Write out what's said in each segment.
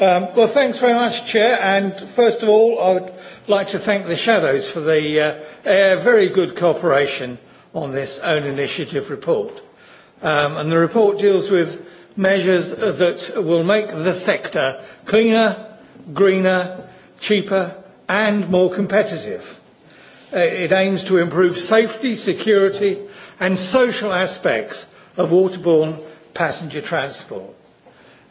Um, well, thanks very much, Chair. And first of all, I would like to thank the Shadows for the uh, uh, very good cooperation on this own initiative report. Um, and the report deals with measures that will make the sector cleaner, greener, cheaper and more competitive. Uh, it aims to improve safety, security and social aspects of waterborne passenger transport.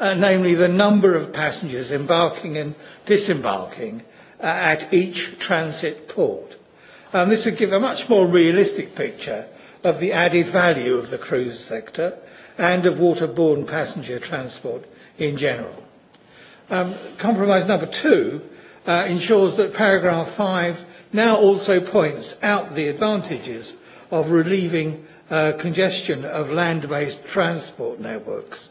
uh, namely the number of passengers embarking and disembarking uh, at each transit port. Um, this would give a much more realistic picture of the added value of the cruise sector and of waterborne passenger transport in general. Um, compromise number two uh, ensures that paragraph five now also points out the advantages of relieving uh, congestion of land-based transport networks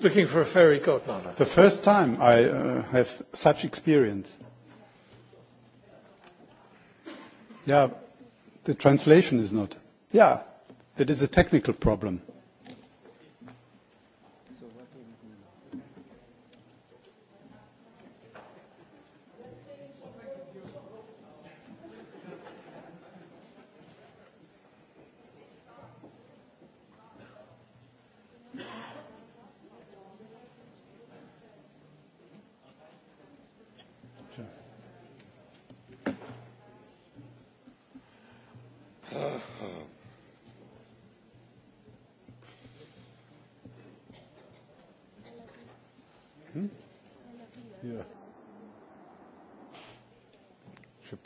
looking for a fairy godmother. The first time I uh, have such experience. Yeah, the translation is not. Yeah, it is a technical problem.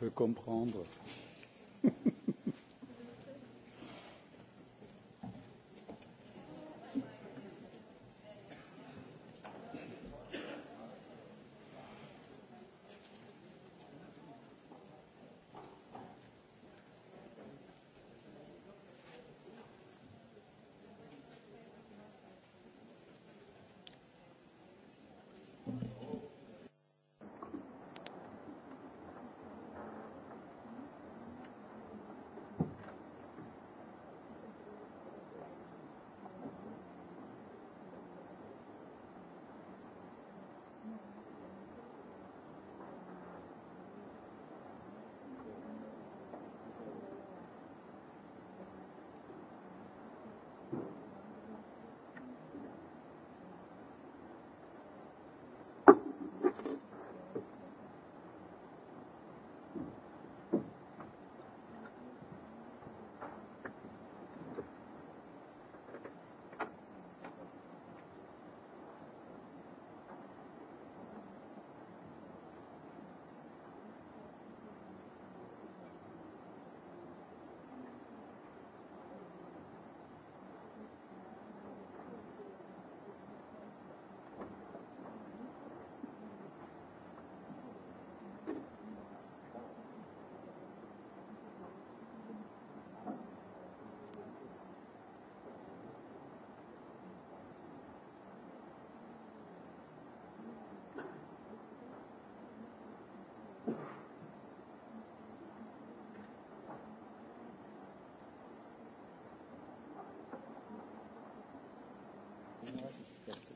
peut comprendre.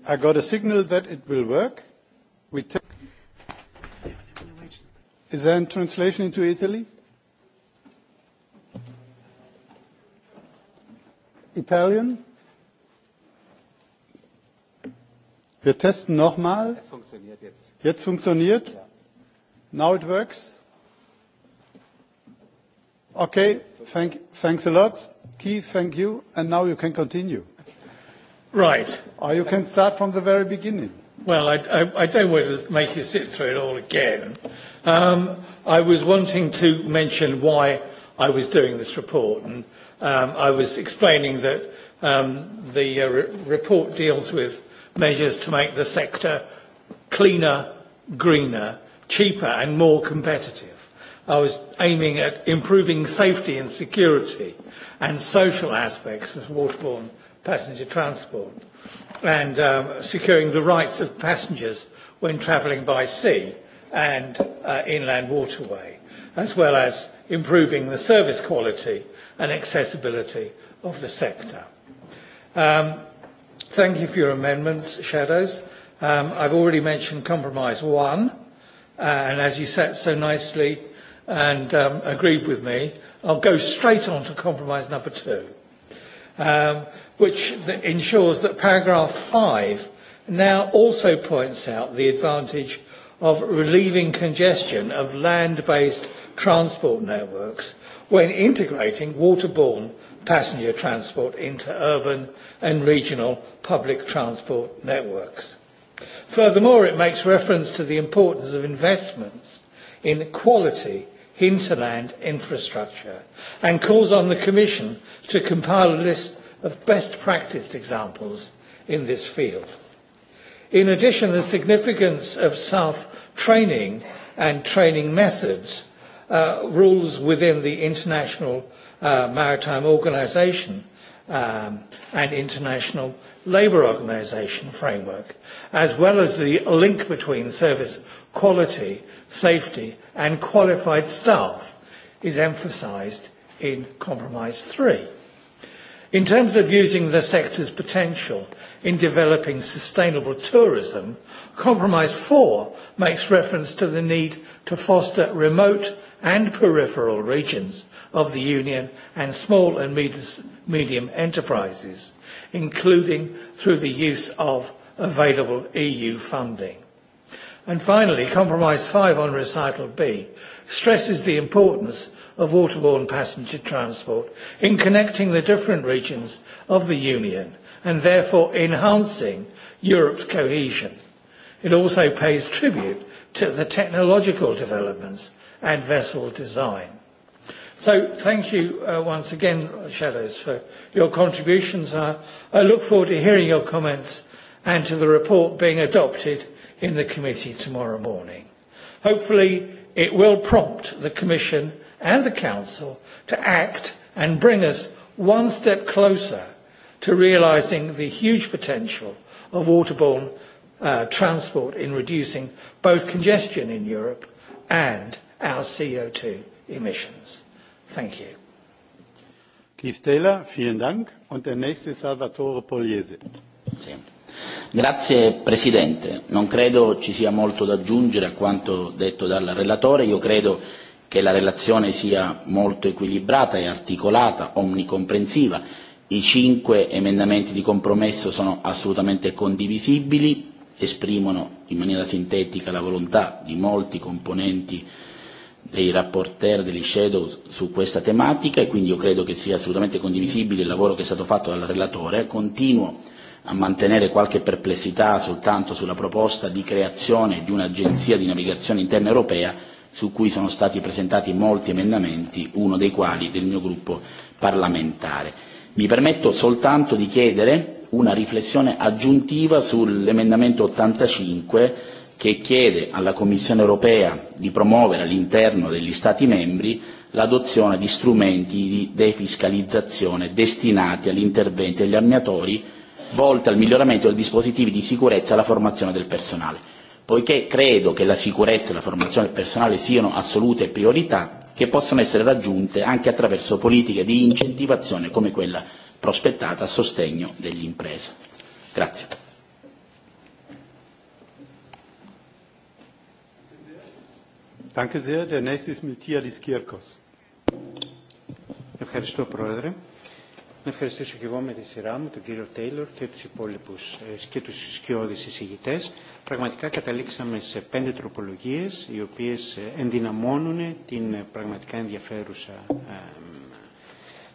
I got a signal that it will work. We take... Is there a translation into Italy? Italian? Wir testen nochmal. Es funktioniert jetzt. Jetzt funktioniert? Ja. Now it works? Okay, thank, thanks a lot. Keith, thank you. And now you can continue. Right. Or oh, you can start from the very beginning. Well, I, I, I don't want to make you sit through it all again. Um, I was wanting to mention why I was doing this report, and um, I was explaining that um, the uh, re- report deals with measures to make the sector cleaner, greener, cheaper, and more competitive. I was aiming at improving safety and security and social aspects of waterborne passenger transport and um, securing the rights of passengers when travelling by sea and uh, inland waterway, as well as improving the service quality and accessibility of the sector. Um, thank you for your amendments, Shadows. Um, I've already mentioned Compromise 1, uh, and as you sat so nicely and um, agreed with me, I'll go straight on to Compromise number 2. Um, which ensures that paragraph 5 now also points out the advantage of relieving congestion of land-based transport networks when integrating waterborne passenger transport into urban and regional public transport networks. Furthermore, it makes reference to the importance of investments in quality hinterland infrastructure and calls on the Commission to compile a list of best practice examples in this field. In addition, the significance of self-training and training methods uh, rules within the International uh, Maritime Organization um, and International Labour Organization framework, as well as the link between service quality, safety and qualified staff is emphasised in Compromise 3. In terms of using the sector's potential in developing sustainable tourism, Compromise 4 makes reference to the need to foster remote and peripheral regions of the Union and small and medium enterprises, including through the use of available EU funding. And finally, Compromise 5 on Recital B stresses the importance of waterborne passenger transport in connecting the different regions of the Union and therefore enhancing Europe's cohesion. It also pays tribute to the technological developments and vessel design. So thank you uh, once again, Shadows, for your contributions. I, I look forward to hearing your comments and to the report being adopted in the committee tomorrow morning. Hopefully, it will prompt the Commission and the Council to act and bring us one step closer to realising the huge potential of waterborne uh, transport in reducing both congestion in Europe and our CO2 emissions. Thank you. Keith Taylor, vielen Dank. Und der nächste Salvatore Pogliese. Sì. Grazie Presidente. Non credo ci sia molto da aggiungere a quanto detto dal relatore. Io credo che la relazione sia molto equilibrata e articolata, omnicomprensiva. I cinque emendamenti di compromesso sono assolutamente condivisibili, esprimono in maniera sintetica la volontà di molti componenti dei rapporteur, degli shadow su questa tematica e quindi io credo che sia assolutamente condivisibile il lavoro che è stato fatto dal relatore. Continuo a mantenere qualche perplessità soltanto sulla proposta di creazione di un'agenzia di navigazione interna europea su cui sono stati presentati molti emendamenti, uno dei quali del mio gruppo parlamentare. Mi permetto soltanto di chiedere una riflessione aggiuntiva sull'emendamento 85 che chiede alla Commissione europea di promuovere all'interno degli Stati membri l'adozione di strumenti di defiscalizzazione destinati agli interventi degli armatori volti al miglioramento dei dispositivi di sicurezza e alla formazione del personale poiché credo che la sicurezza e la formazione del personale siano assolute priorità che possono essere raggiunte anche attraverso politiche di incentivazione come quella prospettata a sostegno dell'impresa. Grazie. Danke sehr. Der nächste ist Miltiadis Kierkos. Ευχαριστώ, Πρόεδρε. Να ευχαριστήσω και εγώ με τη σειρά μου τον κύριο Τέιλορ και τους υπόλοιπους και τους σκιώδεις εισηγητές. Πραγματικά καταλήξαμε σε πέντε τροπολογίες οι οποίες ενδυναμώνουν την πραγματικά ενδιαφέρουσα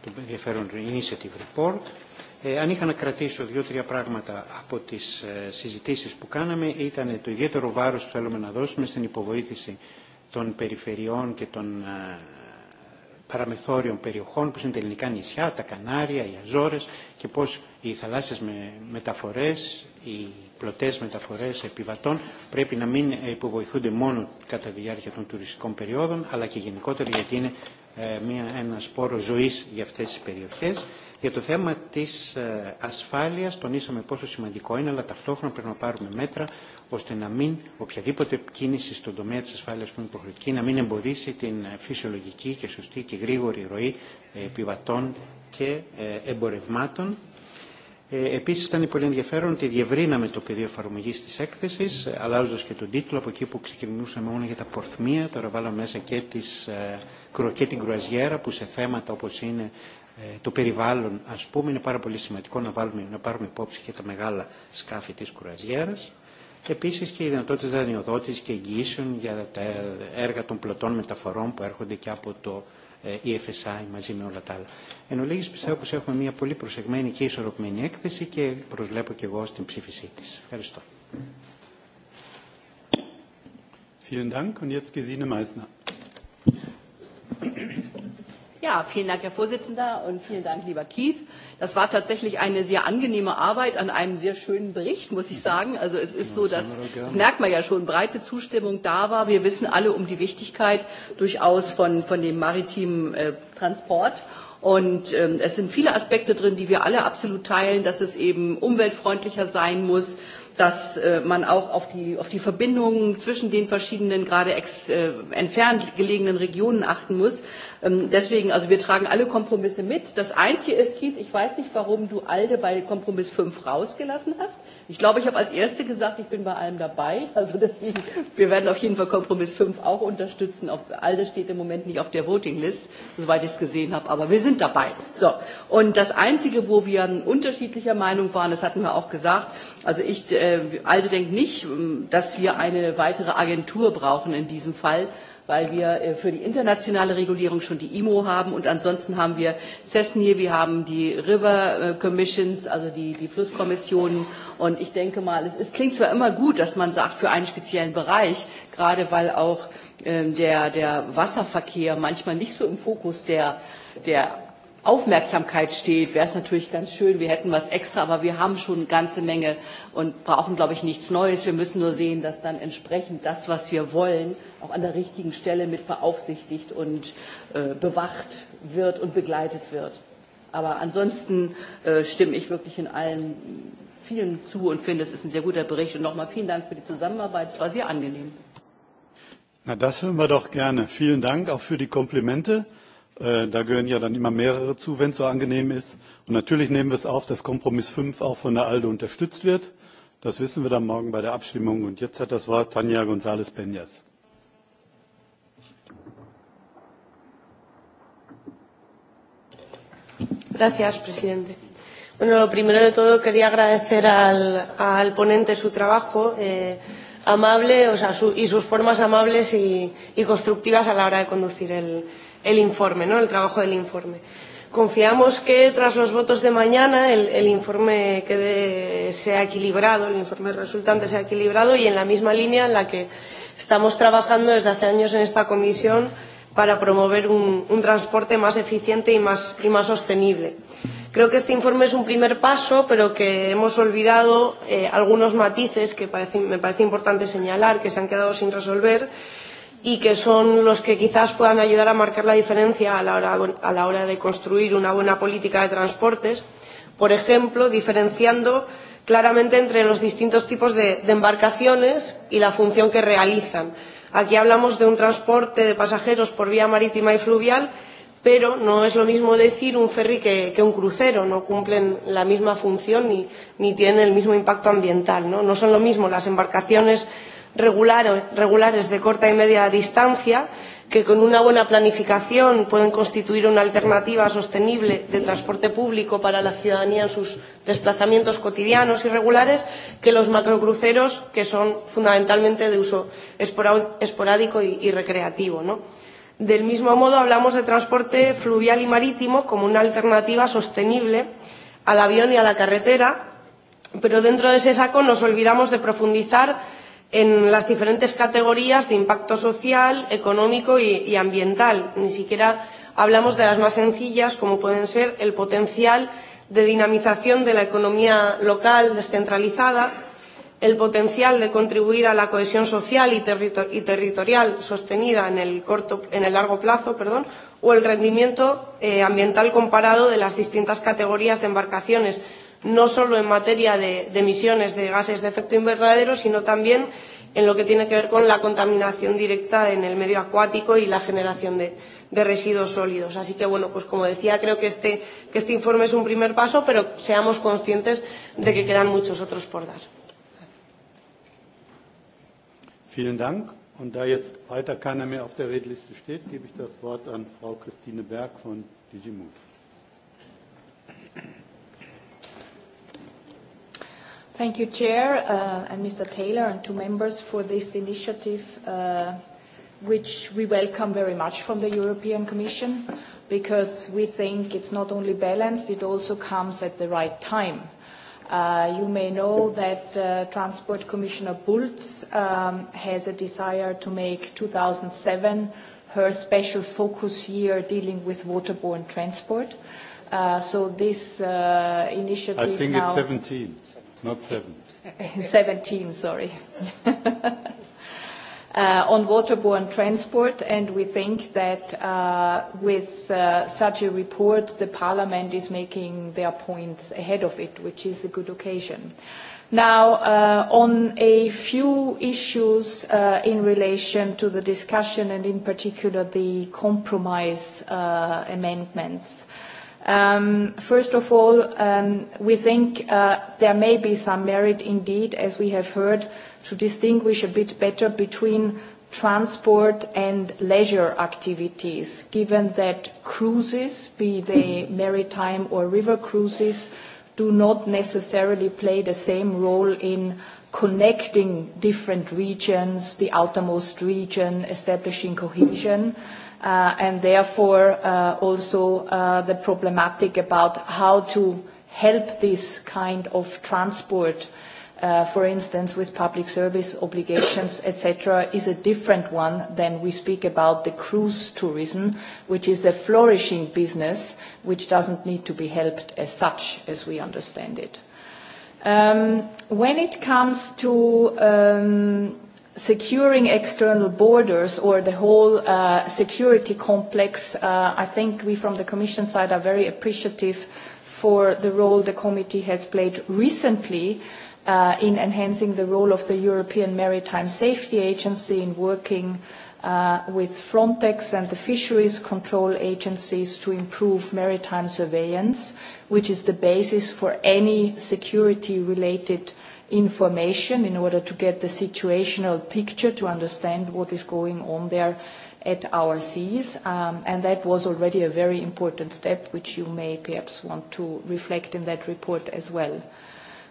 το ενδιαφέρον initiative report. Ε, αν είχα να κρατήσω δύο-τρία πράγματα από τις ε, συζητήσεις που κάναμε ήταν το ιδιαίτερο βάρος που θέλουμε να δώσουμε στην υποβοήθηση των περιφερειών και των ε, παραμεθόριων περιοχών, όπως είναι τα ελληνικά νησιά, τα Κανάρια, οι Αζόρες και πώς οι θαλάσσιες με, μεταφορές, οι πλωτές μεταφορές επιβατών πρέπει να μην υποβοηθούνται μόνο κατά τη διάρκεια των τουριστικών περιόδων, αλλά και γενικότερα γιατί είναι μια, ένα σπόρο ζωής για αυτές τις περιοχές. Για το θέμα της ε, ασφάλειας τονίσαμε πόσο σημαντικό είναι, αλλά ταυτόχρονα πρέπει να πάρουμε μέτρα ώστε να μην οποιαδήποτε κίνηση στον τομέα της ασφάλειας που είναι υποχρεωτική να μην εμποδίσει την φυσιολογική και σωστή και γρήγορη ροή ε, επιβατών και ε, εμπορευμάτων Ε, Επίση, ήταν πολύ ενδιαφέρον ότι διευρύναμε το πεδίο εφαρμογή τη έκθεση, αλλάζοντα και τον τίτλο από εκεί που ξεκινούσαμε μόνο για τα πορθμία. Τώρα βάλαμε μέσα και, τις, και την κρουαζιέρα, που σε θέματα όπω είναι το περιβάλλον, α πούμε, είναι πάρα πολύ σημαντικό να, βάλουμε, να πάρουμε υπόψη και τα μεγάλα σκάφη τη κρουαζιέρα. Επίση και οι δυνατότητε δανειοδότηση και εγγυήσεων για τα έργα των πλωτών μεταφορών που έρχονται και από το EFSI μαζί με όλα τα άλλα. Εν ολίγης πιστεύω πως έχουμε μια πολύ προσεγμένη και ισορροπημένη έκθεση και προσβλέπω και εγώ στην ψήφισή της. Ευχαριστώ. Vielen Dank und jetzt Gesine Meissner. Ja, vielen Dank, Herr Vorsitzender, und vielen Dank, lieber Keith. Das war tatsächlich eine sehr angenehme Arbeit an einem sehr schönen Bericht, muss ich sagen. Also es ist so, dass, das merkt man ja schon, breite Zustimmung da war. Wir wissen alle um die Wichtigkeit durchaus von, von dem maritimen äh, Transport. Und ähm, es sind viele Aspekte drin, die wir alle absolut teilen, dass es eben umweltfreundlicher sein muss, dass äh, man auch auf die, auf die Verbindungen zwischen den verschiedenen, gerade ex, äh, entfernt gelegenen Regionen achten muss. Ähm, deswegen, also wir tragen alle Kompromisse mit. Das Einzige ist, Kies, ich weiß nicht, warum du ALDE bei Kompromiss 5 rausgelassen hast. Ich glaube, ich habe als Erste gesagt, ich bin bei allem dabei. Also deswegen, wir werden auf jeden Fall Kompromiss 5 auch unterstützen. Auf, all das steht im Moment nicht auf der Voting List, soweit ich es gesehen habe, aber wir sind dabei. So. Und das Einzige, wo wir unterschiedlicher Meinung waren, das hatten wir auch gesagt, also ich, äh, Alde denkt nicht, ähm, dass wir eine weitere Agentur brauchen in diesem Fall, weil wir äh, für die internationale Regulierung schon die IMO haben und ansonsten haben wir CESNIR, wir haben die River äh, Commissions, also die, die Flusskommissionen und ich denke mal, es, es klingt zwar immer gut, dass man sagt, für einen speziellen Bereich, gerade weil auch ähm, der, der Wasserverkehr manchmal nicht so im Fokus der, der Aufmerksamkeit steht, wäre es natürlich ganz schön. Wir hätten was extra, aber wir haben schon eine ganze Menge und brauchen, glaube ich, nichts Neues. Wir müssen nur sehen, dass dann entsprechend das, was wir wollen, auch an der richtigen Stelle mit beaufsichtigt und äh, bewacht wird und begleitet wird. Aber ansonsten äh, stimme ich wirklich in allen vielen zu und finde, es ist ein sehr guter Bericht. Und nochmal vielen Dank für die Zusammenarbeit. Es war sehr angenehm. Na, das hören wir doch gerne. Vielen Dank auch für die Komplimente. Äh, da gehören ja dann immer mehrere zu, wenn es so angenehm ist. Und natürlich nehmen wir es auf, dass Kompromiss 5 auch von der ALDE unterstützt wird. Das wissen wir dann morgen bei der Abstimmung. Und jetzt hat das Wort Tanja González-Peñas. Gracias, presidente. Bueno, lo primero de todo quería agradecer al, al ponente su trabajo eh, amable o sea, su, y sus formas amables y, y constructivas a la hora de conducir el, el informe, ¿no? el trabajo del informe. Confiamos que tras los votos de mañana el, el informe quede, sea equilibrado, el informe resultante sea equilibrado y en la misma línea en la que estamos trabajando desde hace años en esta comisión. Sí para promover un, un transporte más eficiente y más, y más sostenible. Creo que este informe es un primer paso, pero que hemos olvidado eh, algunos matices que parece, me parece importante señalar, que se han quedado sin resolver y que son los que quizás puedan ayudar a marcar la diferencia a la hora, a la hora de construir una buena política de transportes, por ejemplo, diferenciando claramente entre los distintos tipos de, de embarcaciones y la función que realizan. Eh, Aquí hablamos de un transporte de pasajeros por vía marítima y fluvial, pero no es lo mismo decir un ferry que, que un crucero, no cumplen la misma función ni, ni tienen el mismo impacto ambiental. ¿no? no son lo mismo las embarcaciones regular, regulares de corta y media distancia que con una buena planificación pueden constituir una alternativa sostenible de transporte público para la ciudadanía en sus desplazamientos cotidianos y regulares que los macrocruceros, que son fundamentalmente de uso esporádico y, y recreativo. ¿no? Del mismo modo, hablamos de transporte fluvial y marítimo como una alternativa sostenible al avión y a la carretera, pero dentro de ese saco nos olvidamos de profundizar en las diferentes categorías de impacto social, económico y, y ambiental. Ni siquiera hablamos de las más sencillas, como pueden ser el potencial de dinamización de la economía local descentralizada, el potencial de contribuir a la cohesión social y, territor y territorial sostenida en el, corto, en el largo plazo perdón, o el rendimiento eh, ambiental comparado de las distintas categorías de embarcaciones no solo en materia de, de emisiones de gases de efecto invernadero, sino también en lo que tiene que ver con la contaminación directa en el medio acuático y la generación de, de residuos sólidos. Así que, bueno, pues como decía, creo que este, que este informe es un primer paso, pero seamos conscientes de que quedan muchos otros por dar. Vielen Dank. Und da jetzt weiter keiner mehr auf der Redliste steht, gebe ich das Wort an Frau Christine Berg von Digimove. Thank you, Chair, uh, and Mr. Taylor and two members for this initiative, uh, which we welcome very much from the European Commission, because we think it's not only balanced, it also comes at the right time. Uh, you may know that uh, Transport Commissioner Bulc um, has a desire to make 2007 her special focus year dealing with waterborne transport. Uh, so this uh, initiative I think now it's 17. Not seven. 17, sorry. Uh, on waterborne transport, and we think that uh, with uh, such a report, the parliament is making their points ahead of it, which is a good occasion. Now, uh, on a few issues uh, in relation to the discussion and in particular the compromise uh, amendments. Um, first of all, um, we think uh, there may be some merit indeed, as we have heard, to distinguish a bit better between transport and leisure activities, given that cruises, be they maritime or river cruises, do not necessarily play the same role in connecting different regions, the outermost region, establishing cohesion. Mm-hmm uh, and therefore uh, also uh, the problematic about how to help this kind of transport, uh, for instance, with public service obligations, etc., is a different one than we speak about the cruise tourism, which is a flourishing business which doesn't need to be helped as such as we understand it. Um, when it comes to um, securing external borders or the whole uh, security complex, uh, I think we from the Commission side are very appreciative for the role the committee has played recently uh, in enhancing the role of the European Maritime Safety Agency in working uh, with Frontex and the fisheries control agencies to improve maritime surveillance, which is the basis for any security-related uh, information in order to get the situational picture to understand what is going on there at our seas. Um, and that was already a very important step, which you may perhaps want to reflect in that report as well.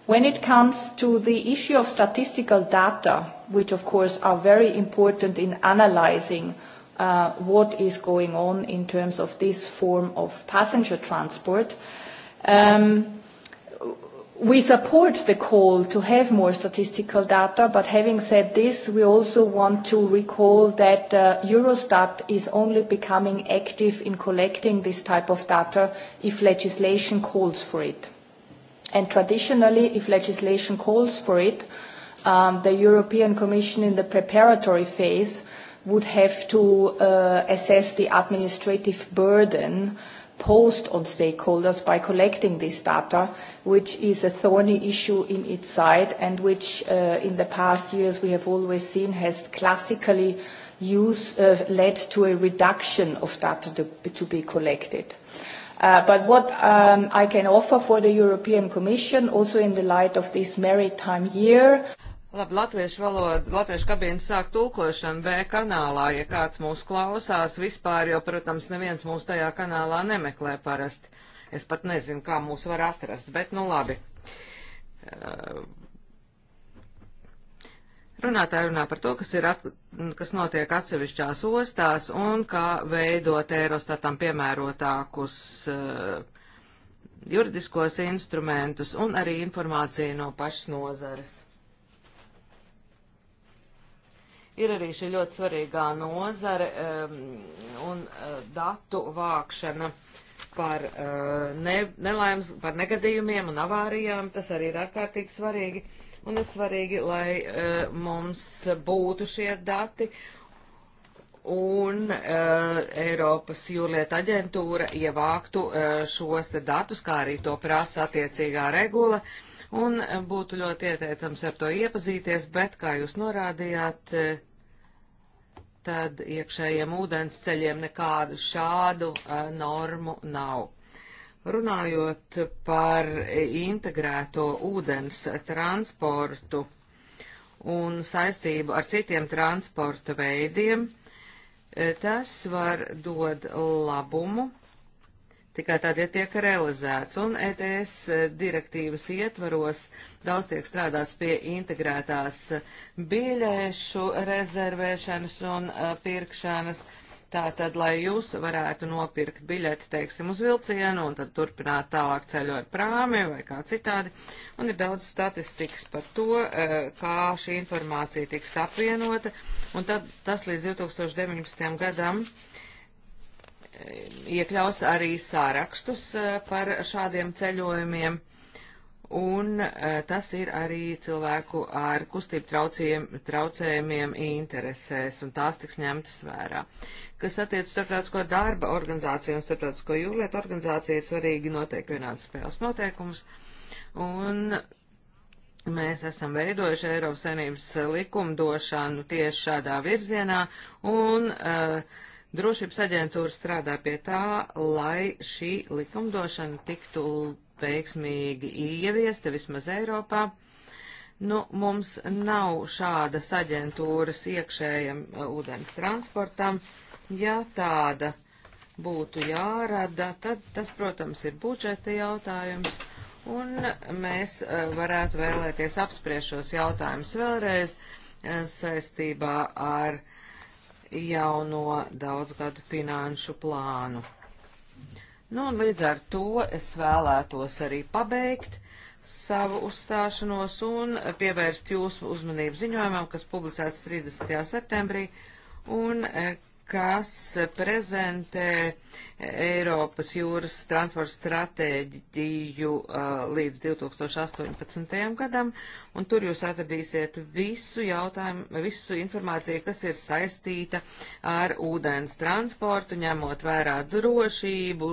When it comes to the issue of statistical data, which of course are very important in analyzing uh, what is going on in terms of this form of passenger transport, um, We support the call to have more statistical data, but having said this, we also want to recall that uh, Eurostat is only becoming active in collecting this type of data if legislation calls for it. And traditionally, if legislation calls for it, um, the European Commission in the preparatory phase would have to uh, assess the administrative burden imposed on stakeholders by collecting this data, which is a thorny issue in its side and which uh, in the past years we have always seen has classically use, uh, led to a reduction of data to, to be collected. Uh, but what um, I can offer for the European Commission, also in the light of this maritime year. Labi, latviešu valoda, latviešu kabīne sāk tulkošanu B kanālā, ja kāds mūs klausās vispār, jo, protams, neviens mūs tajā kanālā nemeklē parasti. Es pat nezinu, kā mūs var atrast, bet nu labi. Eh, runātāji runā par to, kas, ir at, kas notiek atsevišķās ostās un kā veidot Eirostatam piemērotākus uh, juridiskos instrumentus un arī informāciju no pašas nozares. Ir arī šī ļoti svarīgā nozare um, un uh, datu vākšana par, uh, ne, nelaimes, par negadījumiem un avārijām. Tas arī ir ārkārtīgi svarīgi. Un ir svarīgi, lai uh, mums būtu šie dati. Un uh, Eiropas jūlieta aģentūra ievāktu uh, šos te datus, kā arī to prasa attiecīgā regula. Un būtu ļoti ieteicams ar to iepazīties, bet, kā jūs norādījāt, uh, tad iekšējiem ūdensceļiem nekādu šādu uh, normu nav. Runājot par integrēto ūdens transportu un saistību ar citiem transporta veidiem, eh, tas var dod labumu tikai tad, ja tiek realizēts. Un ETS eh, direktīvas ietvaros daudz tiek strādāts pie integrētās eh, biļēšu rezervēšanas un eh, pirkšanas. Tātad, lai jūs varētu nopirkt biļeti, teiksim, uz vilcienu un tad turpināt tālāk ceļu ar prāmi vai kā citādi. Un ir daudz statistikas par to, kā šī informācija tiks apvienota. Un tad tas līdz 2019. gadam iekļaus arī sārakstus eh, par šādiem ceļojumiem, un eh, tas ir arī cilvēku ar kustību traucējumiem interesēs, un tās tiks ņemtas vērā. Kas attiec starptautisko darba organizāciju un starptautisko jūlietu organizāciju, ir svarīgi noteikti vienādas spēles noteikumus, un Mēs esam veidojuši Eiropas Savienības likumdošanu tieši šādā virzienā, un uh, Drošības aģentūra strādā pie tā, lai šī likumdošana tiktu veiksmīgi ieviesta vismaz Eiropā. Nu, mums nav šādas aģentūras iekšējam eh, ūdens transportam. Ja tāda būtu jārada, tad tas, protams, ir budžeta jautājums. Un mēs eh, varētu vēlēties apspriešos jautājumus vēlreiz eh, saistībā ar uh, jauno daudzgadu finanšu plānu. Nu, un līdz ar to es vēlētos arī pabeigt savu uzstāšanos un pievērst jūsu uzmanību ziņojumam, kas publicēts 30. septembrī un eh, kas prezentē Eiropas jūras transporta stratēģiju līdz 2018. gadam, un tur jūs atradīsiet visu jautājumu, visu informāciju, kas ir saistīta ar ūdens transportu, ņemot vērā drošību,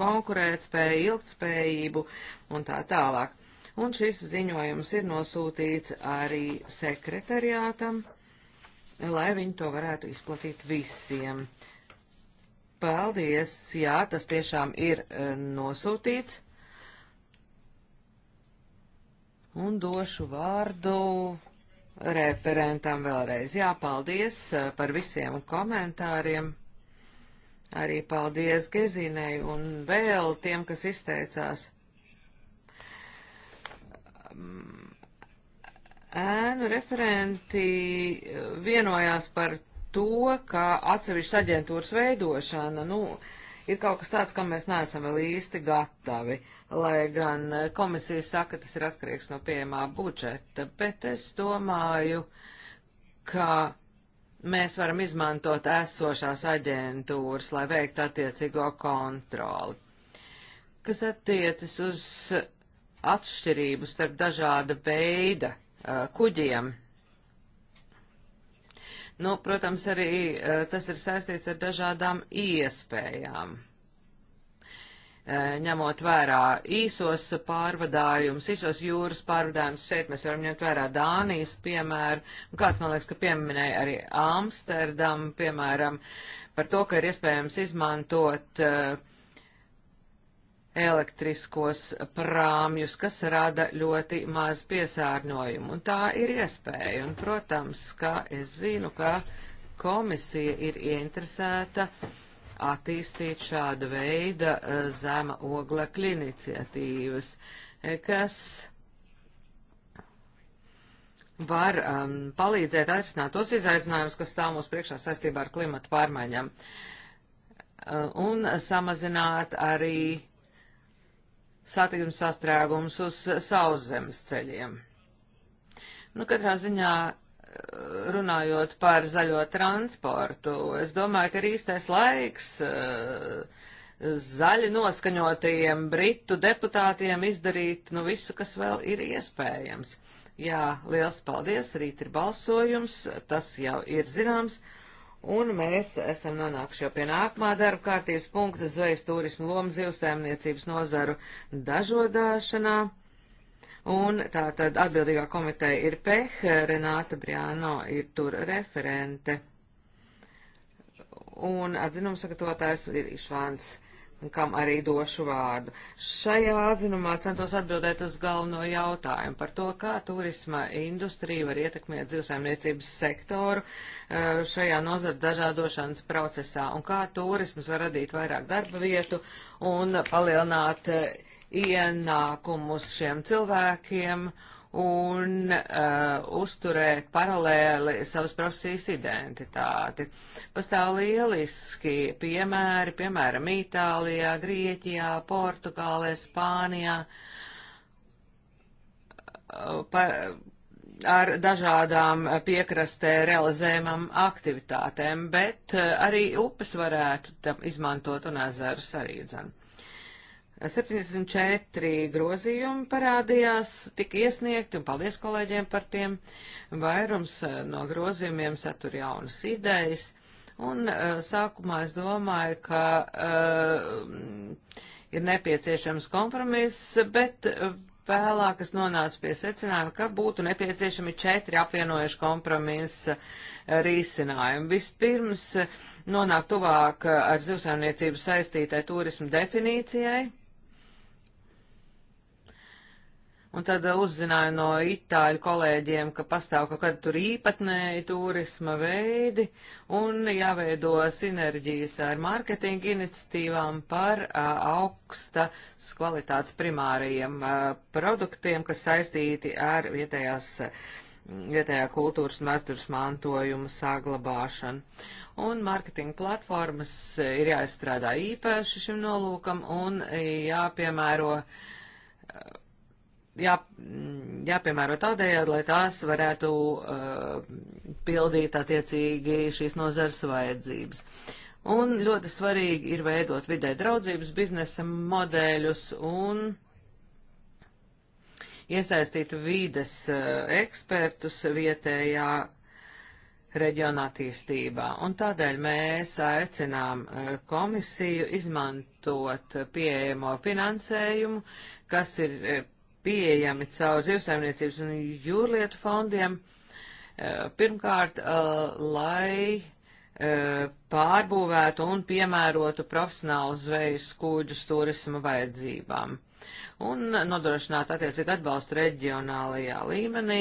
konkurētspēju, ilgtspējību un tā tālāk. Un šis ziņojums ir nosūtīts arī sekretariātam lai viņi to varētu izplatīt visiem. Paldies, jā, tas tiešām ir e, nosūtīts. Un došu vārdu referentam vēlreiz. Jā, paldies e, par visiem komentāriem. Arī paldies Gezinei un vēl tiem, kas izteicās ēnu referenti eh, vienojās par to, ka atsevišķas aģentūras veidošana, nu, ir kaut kas tāds, kam mēs neesam vēl īsti gatavi, lai gan eh, komisija saka, tas ir atkarīgs no pieejamā budžeta, bet es domāju, ka mēs varam izmantot esošās aģentūras, lai veiktu attiecīgo kontroli. Kas attiecas uz atšķirību starp dažāda veida kuģiem. Nu, protams, arī tas ir saistīts ar dažādām iespējām. Ņemot vērā īsos pārvadājumus, īsos jūras pārvadājumus, šeit mēs varam ņemt vērā Dānijas piemēru, un kāds man liekas, ka pieminēja arī Amsterdamu, piemēram, par to, ka ir iespējams izmantot uh, elektriskos prāmjus, kas rada ļoti maz piesārņojumu. Un tā ir iespēja. Un, protams, kā es zinu, ka komisija ir ieinteresēta attīstīt šāda veida eh, zema oglekļa iniciatīvas, eh, kas var um, palīdzēt atrisināt tos izaicinājumus, kas stāv mūsu priekšā saistībā ar klimatu pārmaiņām, uh, un samazināt arī satiksmes sastrēgumus uz sauszemes ceļiem. Nu, katrā ziņā eh, runājot par zaļo transportu, es domāju, ka ir īstais laiks eh, zaļi noskaņotajiem britu deputātiem izdarīt nu visu, kas vēl ir iespējams. Jā, liels paldies, rīt ir balsojums, tas jau ir zināms. Un mēs esam nonākuši jau pie nākamā darba kārtības punkta zvejas turismu lomu zivsēmniecības nozaru dažodāšanā. Un tā tad atbildīgā komiteja ir PEH, Renāta Briāno ir tur referente. Un atzinums sagatavotājs ir Išvāns kam arī došu vārdu. Šajā atzinumā centos atbildēt uz galveno jautājumu par to, kā turisma industrija var ietekmēt dzīvesaimniecības sektoru eh, šajā nozara dažādošanas procesā un kā turismas var radīt vairāk darba vietu un palielināt eh, ienākumus šiem cilvēkiem. Uh, un uh, uzturēt paralēli savas profesijas identitāti. Pastāv lieliski piemēri, piemēram, Itālijā, Grieķijā, Portugālē, Spānijā, uh, pa, ar dažādām piekrastē realizējumam aktivitātēm, bet uh, arī upes varētu izmantot un ezerus arī dzene. 74 grozījumi parādījās, tika iesniegti, un paldies kolēģiem par tiem. Vairums eh, no grozījumiem satur jaunas idejas, un eh, sākumā es domāju, ka uh, ir nepieciešams kompromiss, bet vēlāk es nonācu pie secinājuma, ka būtu nepieciešami četri apvienojuši kompromisa risinājumi. Vispirms nonāk tuvāk ar zivsaimniecību saistītai turismu definīcijai Un tad uh, uzzināju no itāļu kolēģiem, ka pastāv kaut kāda tur īpatnēja turisma veidi un jāveido sinerģijas ar mārketinga iniciatīvām par a, uh, augstas kvalitātes primārajiem a, uh, produktiem, kas saistīti ar vietējās mm, vietējā kultūras un vēstures mantojuma saglabāšanu. Un mārketinga platformas ir jāizstrādā īpaši šim nolūkam un jāpiemēro uh, jā, jāpiemēro tādējādi, lai tās varētu uh, pildīt attiecīgi šīs nozars vajadzības. Un ļoti svarīgi ir veidot vidē draudzības biznesa modeļus un iesaistīt vides uh, ekspertus vietējā reģiona attīstībā. Un tādēļ mēs aicinām uh, komisiju izmantot pieejamo finansējumu, kas ir uh, pieejami caur zivsaimniecības un jūrlietu fondiem. Eh, pirmkārt, eh, lai eh, pārbūvētu un piemērotu profesionālu zvejas kuģus turisma vajadzībām un nodrošināt attiecīgi atbalstu reģionālajā līmenī.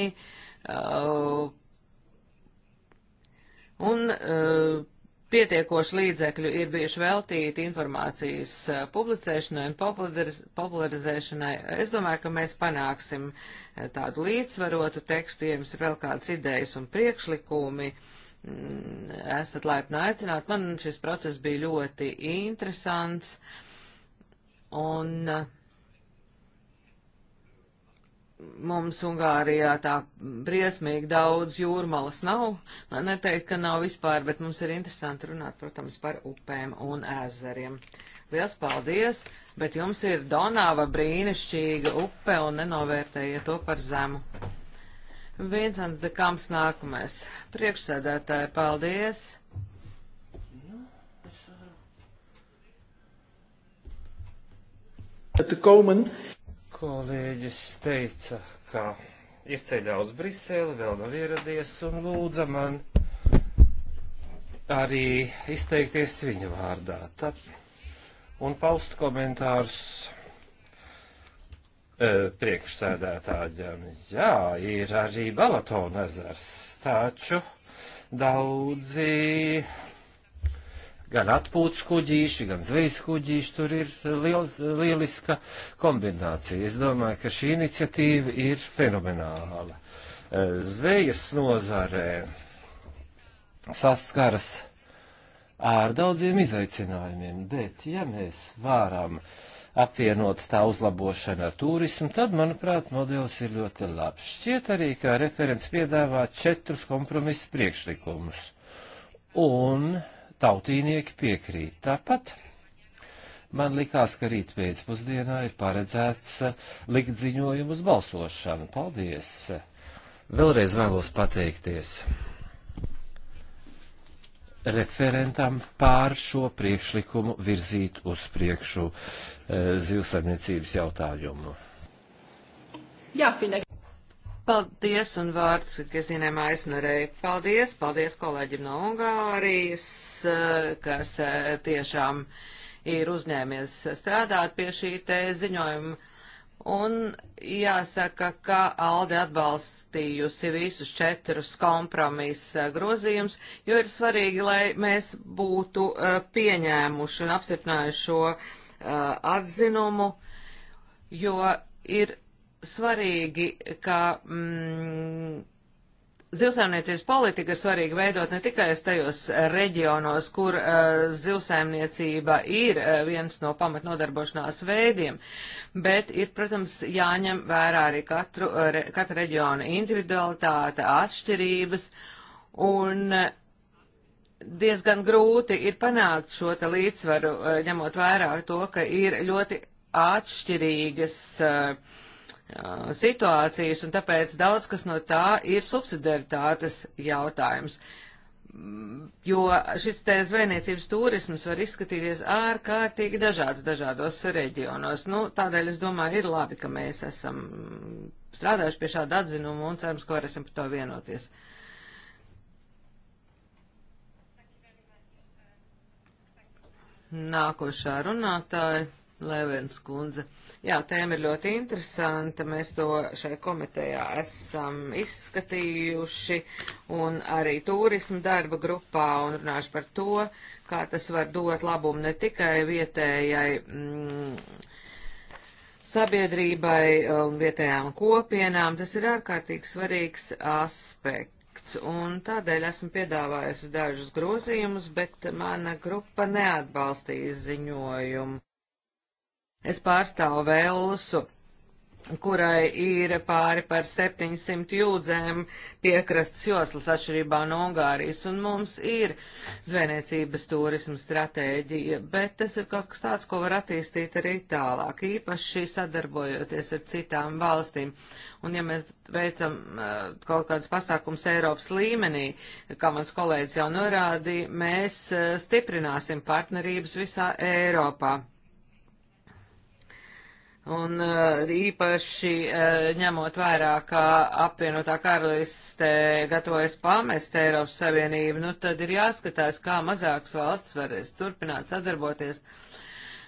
Un pietiekoši līdzekļu ir bijuši veltīti informācijas eh, publicēšanai un popularizēšanai. Es domāju, ka mēs panāksim eh, tādu līdzsvarotu tekstu, ja jums ir vēl kādas idejas un priekšlikumi. Mm, esat laipni aicināt. Man šis process bija ļoti interesants. Un uh, mums Ungārijā tā briesmīgi daudz jūrmalas nav, lai neteikt, ka nav vispār, bet mums ir interesanti runāt, protams, par upēm un ezeriem. Liels paldies, bet jums ir Donāva brīnišķīga upe un nenovērtējiet to par zemu. Vincents de Kamps nākamais. Priekšsēdētāji, paldies! te komen kolēģis teica, ka ir ceļā uz Briseli, vēl nav ieradies un lūdza man arī izteikties viņa vārdā. Tā, un paust komentārus e, priekšsēdētājiem. Jā, ir arī Balatona ezers, taču daudzi gan atpūtas kuģīši, gan zvejas kuģīši. Tur ir liels, lieliska kombinācija. Es domāju, ka šī iniciatīva ir fenomenāla. Zvejas nozarē saskaras ar daudziem izaicinājumiem, bet ja mēs varam apvienot tā uzlabošanu ar turismu, tad, manuprāt, modelis ir ļoti labs. Šķiet arī, ka referents piedāvā četrus kompromisu priekšlikumus. Un tautīnieki piekrīt. Tāpat man likās, ka rīt pēcpusdienā ir paredzēts eh, likt ziņojumu uz balsošanu. Paldies! Vēlreiz vēlos pateikties referentam pār šo priekšlikumu virzīt uz priekšu e, zivsaimniecības jautājumu. Jā, Pinek. Paldies un vārds Kezinē Maisnerei. Paldies, paldies kolēģim no Ungārijas, eh, kas eh, tiešām ir uzņēmies strādāt pie šī te ziņojuma. Un jāsaka, ka Alde atbalstījusi visus četrus kompromisa grozījumus, jo ir svarīgi, lai mēs būtu eh, pieņēmuši un apstiprinājuši šo atzinumu, jo ir svarīgi, ka mm, zivsaimniecības politika ir svarīga veidot ne tikai tajos reģionos, kur uh, zivsaimniecība ir uh, viens no pamatnodarbošanās veidiem, bet ir, protams, jāņem vērā arī katru, uh, re, katra reģiona individualitāte, atšķirības un uh, diezgan grūti ir panākt šo te līdzsvaru, uh, ņemot vērā to, ka ir ļoti atšķirīgas uh, Uh, situācijas, un tāpēc daudz kas no tā ir subsidiaritātes jautājums. Mm, jo šis te zvejniecības turisms var izskatīties ārkārtīgi dažāds dažādos reģionos. Nu, tādēļ es domāju, ir labi, ka mēs esam strādājuši pie šāda atzinuma un cerams, ka varēsim par to vienoties. Nākošā runātāja. Levens kundze. Jā, tēma ir ļoti interesanta. Mēs to šai komitejā esam izskatījuši un arī turismu darba grupā un runāšu par to, kā tas var dot labumu ne tikai vietējai. Mm, Sabiedrībai un um, vietējām kopienām tas ir ārkārtīgi svarīgs aspekts, un tādēļ esmu piedāvājusi dažus grozījumus, bet mana grupa neatbalstīs ziņojumu. Es pārstāvu Velsu, kurai ir pāri par 700 jūdzēm piekrastas joslas atšķirībā no Ungārijas, un mums ir zvejniecības turisma stratēģija, bet tas ir kaut kas tāds, ko var attīstīt arī tālāk, īpaši sadarbojoties ar citām valstīm. Un ja mēs veicam uh, kaut kādas pasākums Eiropas līmenī, kā mans kolēģis jau norādīja, mēs uh, stiprināsim partnerības visā Eiropā. Un eh, īpaši eh, ņemot vērā, ka apvienotā karaliste gatavojas pamest Eiropas Savienību, nu tad ir jāskatās, kā mazākas valsts varēs turpināt sadarboties.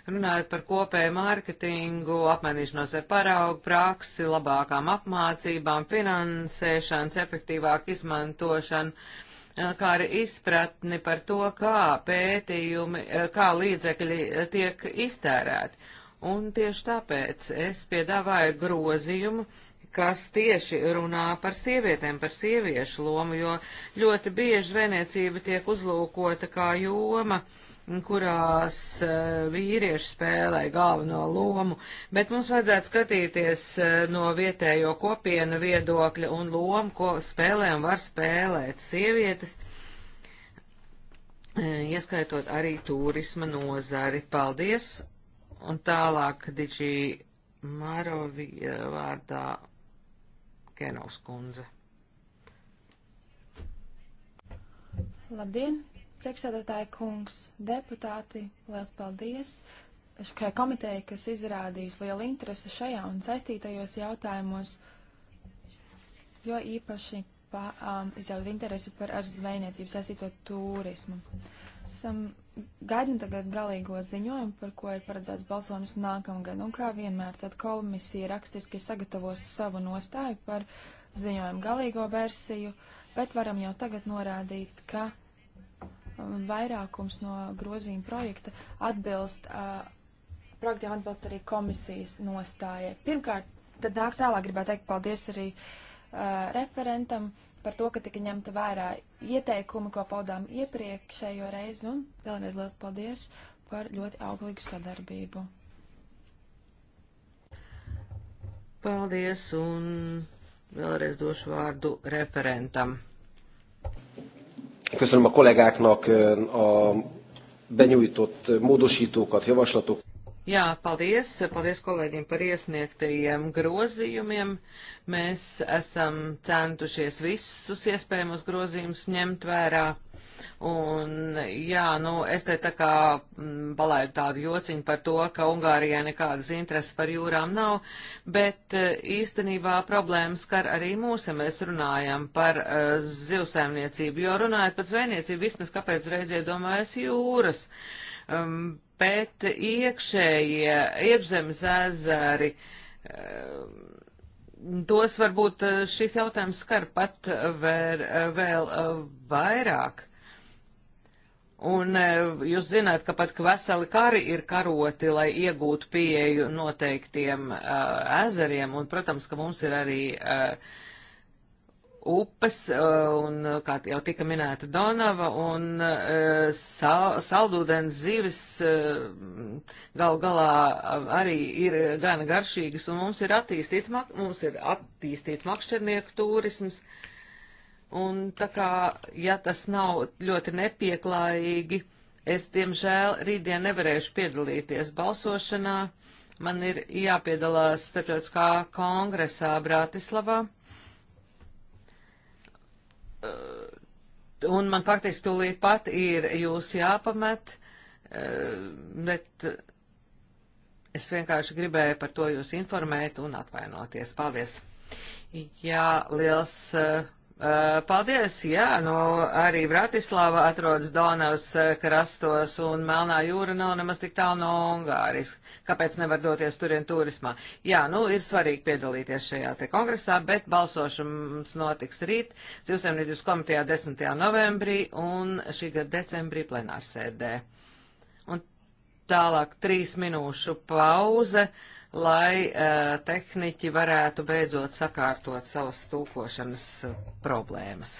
Runājot par kopēju mārketingu, apmainīšanos ar paraugu praksi, labākām apmācībām, finansēšanas, efektīvāku izmantošanu, eh, kā arī izpratni par to, kā pētījumi, kā līdzekļi tiek iztērēti Un tieši tāpēc es piedāvāju grozījumu, kas tieši runā par sievietēm, par sieviešu lomu, jo ļoti bieži vēniecība tiek uzlūkota kā joma, kurās uh, vīrieši spēlē galveno lomu, bet mums vajadzētu skatīties uh, no vietējo kopienu viedokļa un lomu, ko spēlē un var spēlēt sievietes, uh, ieskaitot arī turisma nozari. Paldies! Un tālāk Diģī Mārovi eh, vārdā Kenovs kundze. Labdien, priekšsēdētāji kungs, deputāti, liels paldies! Šai komitejai, kas izrādījusi lielu interesi šajā un saistītajos jautājumos, jo īpaši pa, um, izjauta interesi par ar zvejniecību saistīto turismu. Uh, Esam gaidām tagad galīgo ziņojumu, par ko ir paredzēts balsojums nākamgad. Un kā vienmēr, tad komisija rakstiski sagatavos savu nostāju par ziņojumu galīgo versiju, bet varam jau tagad norādīt, ka um, vairākums no grozījuma projekta atbilst, uh, projektiem atbilst arī komisijas nostājai. Pirmkārt, tad nāk tālāk gribētu teikt paldies arī uh, referentam. Uh, par to, ka tika ņemta vērā ieteikumi, ko paudām iepriekšējo reizi, un vēlreiz liels paldies par ļoti auglīgu sadarbību. Paldies, un vēlreiz došu vārdu referentam. Köszönöm a kollégáknak a benyújtott módosítókat, javaslatok. Jā, paldies. Paldies kolēģiem par iesniegtajiem grozījumiem. Mēs esam centušies visus iespējamos grozījumus ņemt vērā. Un, jā, nu, es te tā kā mm, palaidu tādu jociņu par to, ka Ungārijai nekādas intereses par jūrām nav, bet eh, īstenībā problēmas skar arī mūs, ja mēs runājam par uh, eh, zivsēmniecību, jo runājot par zvejniecību, visnes kāpēc reiz iedomājas jūras. Um, bet iekšējie iekšzemes ezeri, eh, tos varbūt eh, šis jautājums skar pat eh, vēl, vēl vairāk. Un jūs zināt, ka pat veseli kari ir karoti, lai iegūtu pieeju noteiktiem uh, ezeriem, un, protams, ka mums ir arī uh, upes, eh, un, eh, kā jau tika minēta, Donava un eh, sal, saldūdens zivis gal galā arī ir gana garšīgas, un mums ir attīstīts, mums ir attīstīts makšķernieku turisms. Un tā kā, ja tas nav ļoti nepieklājīgi, es, diemžēl, rītdien nevarēšu piedalīties balsošanā. Man ir jāpiedalās starptautiskā kongresā Brātislavā Eh, un man faktiski tūlīt pat ir jūs jāpamet, eh, bet es vienkārši gribēju par to jūs informēt un atvainoties. Paldies! Jā, liels eh, Eh, paldies, jā, nu arī Bratislava atrodas Donavas eh, krastos un Melnā jūra nav nemaz tik tālu no Ungārijas. Kāpēc nevar doties turien turismā? Jā, nu ir svarīgi piedalīties šajā te kongresā, bet balsošums notiks rīt, Cilsemnības komitejā 10. novembrī un šī gada decembrī plenārsēdē. Un tālāk trīs minūšu pauze. Uh, lai uh, tehniķi varētu beidzot sakārtot savas tūkošanas eh, problēmas.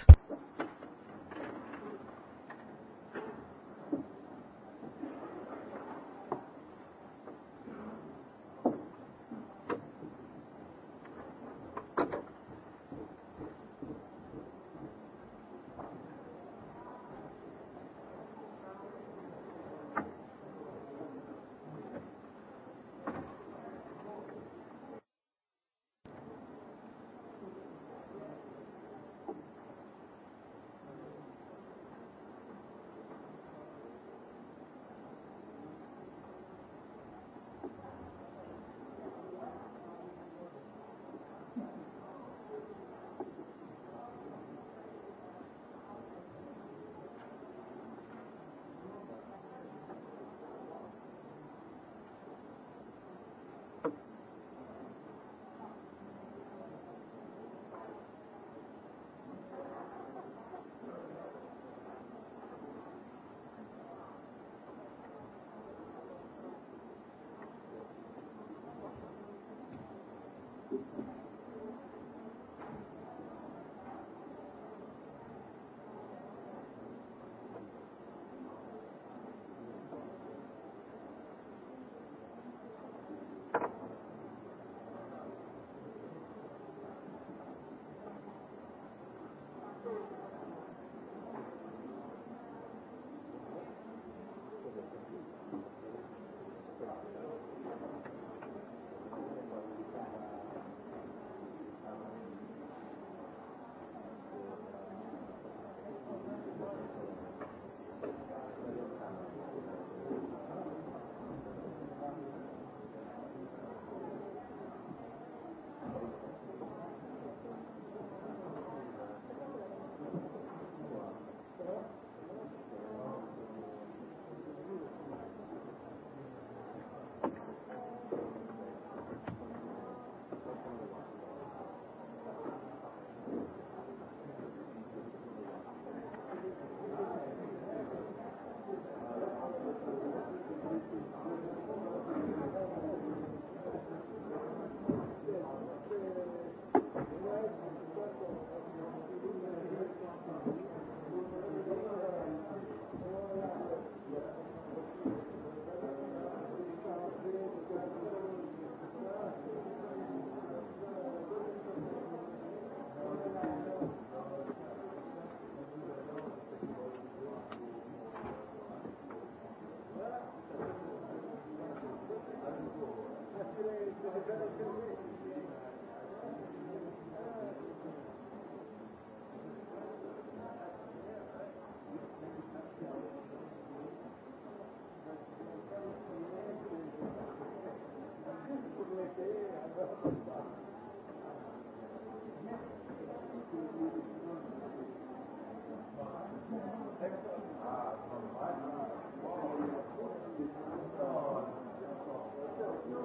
Thank you.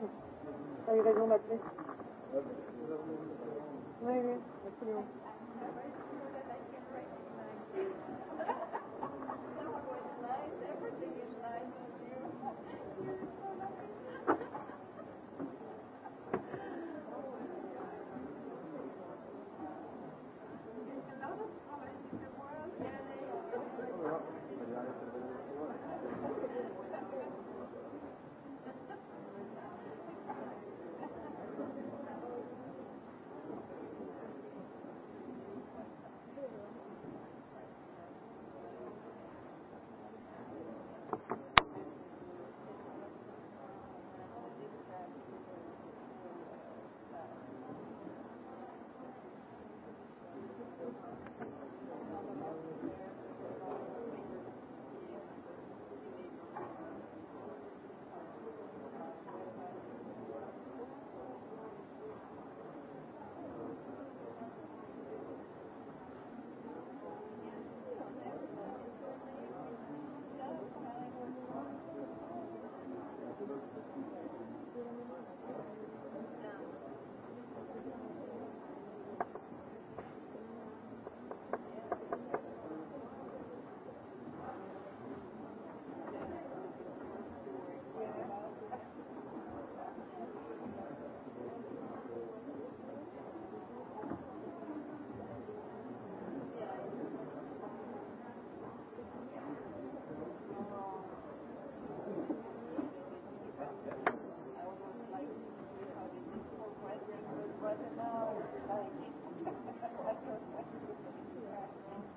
Matisse. T'as eu raison, Matisse. Oui, oui, absolument.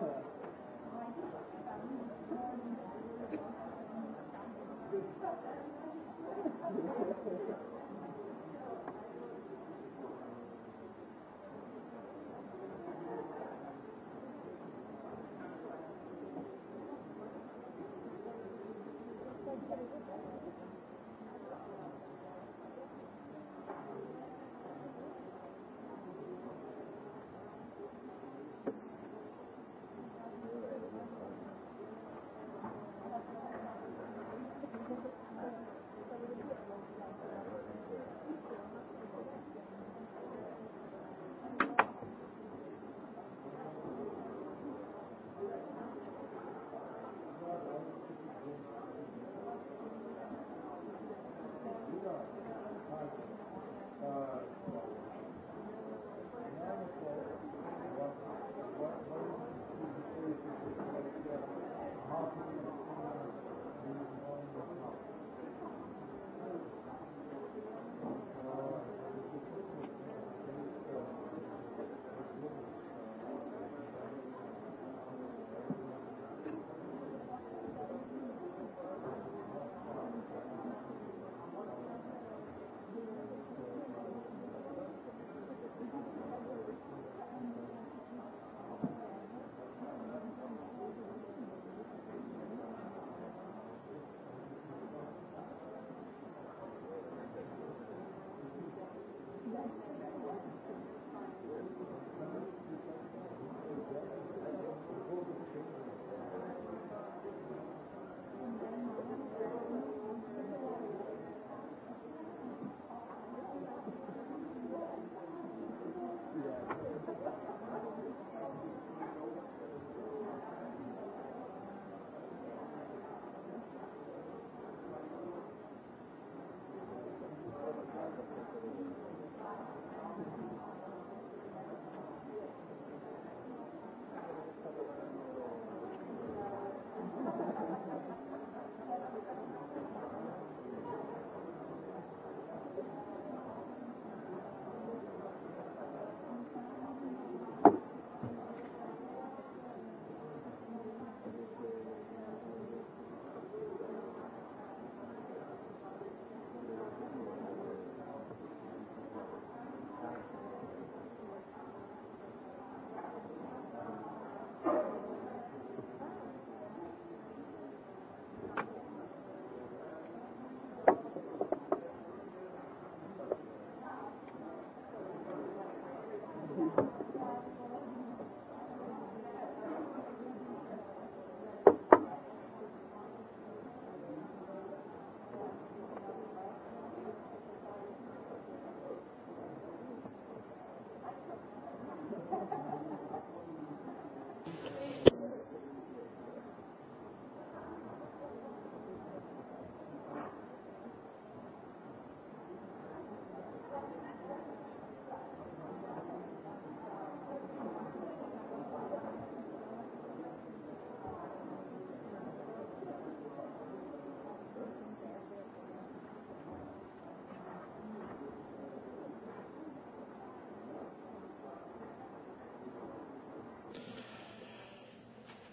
Thank you.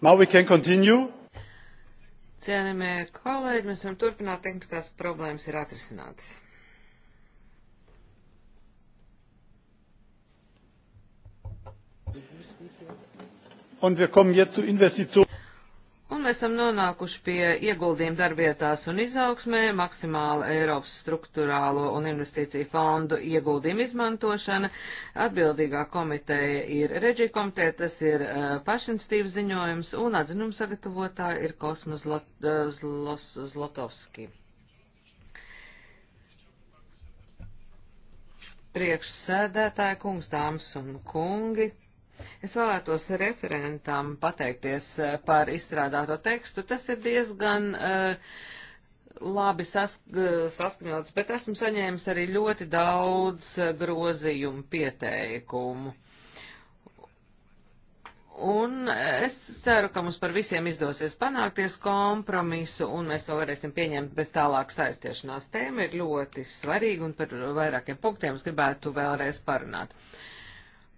Now we can continue. Cienījamie kolēģi, mēs varam turpināt, tehniskās problēmas ir atrisinātas. Un wir kommen jetzt zu Investitionen esam nonākuši pie ieguldījuma darbietās un izaugsmē, maksimāla Eiropas struktūrālo un investīciju fondu ieguldījuma izmantošana. Atbildīgā komiteja ir Reģija komiteja, tas ir uh, eh, pašinstīvas ziņojums, un atzinuma sagatavotāja ir Kosma Zlot, uh, eh, Zlos, Zlotovski. Priekšsēdētāja kungs, dāmas un kungi. Es vēlētos referentam pateikties eh, par izstrādāto tekstu. Tas ir diezgan uh, labi sask eh, saskaņots, bet esmu saņēmis arī ļoti daudz grozījumu pieteikumu. Un es ceru, ka mums par visiem izdosies panākties kompromisu, un mēs to varēsim pieņemt bez tālākas aiztiešanās. Tēma ir ļoti svarīga, un par vairākiem punktiem es gribētu vēlreiz parunāt. Uh,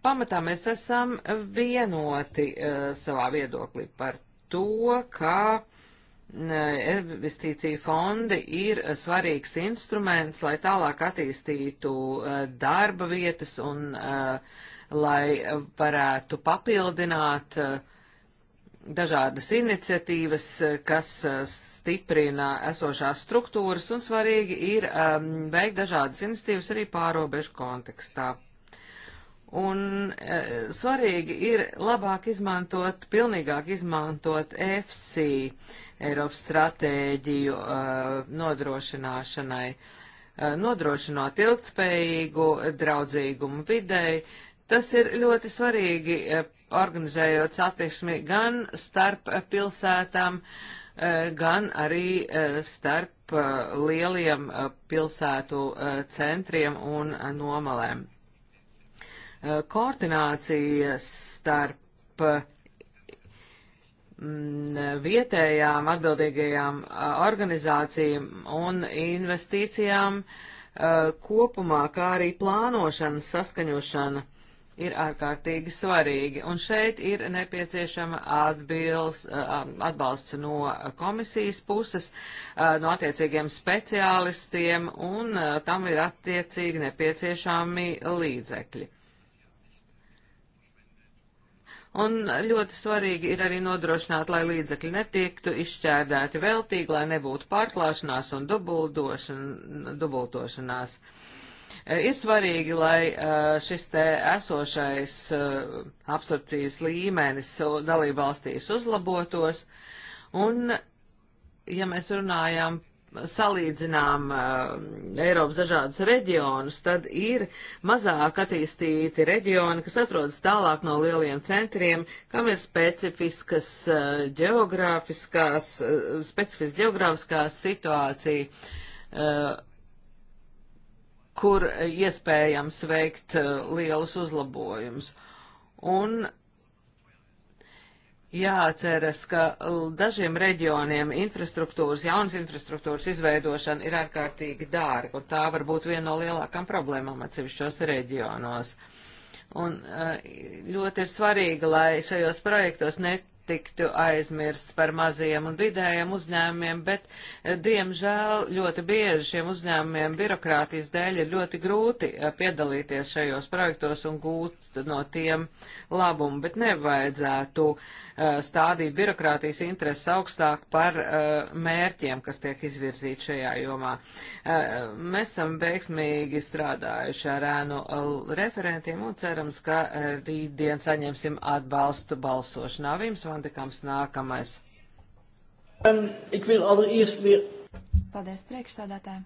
pamatā mēs esam vienoti uh, savā viedoklī par to, ka eh, investīcija fondi ir svarīgs instruments, lai tālāk attīstītu eh, darba vietas un lai varētu papildināt dažādas iniciatīvas, kas stiprina esošās struktūras un svarīgi ir veikt dažādas iniciatīvas arī pārobežu kontekstā. Un e, svarīgi ir labāk izmantot, pilnīgāk izmantot EFSI, Eiropas stratēģiju e, nodrošināšanai, e, nodrošinot ilgtspējīgu, draudzīgumu videi. Tas ir ļoti svarīgi, e, organizējot satiksmi gan starp pilsētām, e, gan arī e, starp e, lieliem e, pilsētu e, centriem un e, nomalēm. Eh, koordinācija starp mm, vietējām atbildīgajām eh, organizācijām un investīcijām eh, kopumā, kā arī plānošanas saskaņošana ir ārkārtīgi svarīgi. Un šeit ir nepieciešama atbils, atbalsts no komisijas puses, no attiecīgiem speciālistiem, un tam ir attiecīgi nepieciešami līdzekļi. Un ļoti svarīgi ir arī nodrošināt, lai līdzekļi netiktu izšķērdēti veltīgi, lai nebūtu pārklāšanās un dubultošanās. E, ir svarīgi, lai e, šis te esošais e, absorpcijas līmenis dalībvalstīs uzlabotos, un, ja mēs runājam salīdzinām uh, Eiropas dažādus reģionus, tad ir mazāk attīstīti reģioni, kas atrodas tālāk no lieliem centriem, kam ir specifiskas uh, geogrāfiskās, uh, specifiskas geogrāfiskās situācija, uh, kur iespējams veikt uh, lielus uzlabojumus. Un jāatceras, ka dažiem reģioniem infrastruktūras, jaunas infrastruktūras izveidošana ir ārkārtīgi dārga, un tā var būt viena no lielākām problēmām atsevišķos reģionos. Un eh, ļoti ir svarīgi, lai šajos projektos netiktu aizmirsts par mazajiem un vidējiem uzņēmumiem, bet, eh, diemžēl, ļoti bieži šiem uzņēmumiem birokrātijas dēļ ir ļoti grūti eh, piedalīties šajos projektos un gūt no tiem labumu, bet nevajadzētu uh, Eh, stādīt birokrātijas intereses augstāk par uh, mērķiem, kas tiek izvirzīti šajā jomā. Uh, mēs esam veiksmīgi strādājuši ar ēnu referentiem un cerams, ka rītdien saņemsim atbalstu balsošanā. Vims Vandekams nākamais. Um, weer... Paldies priekšsādātājiem.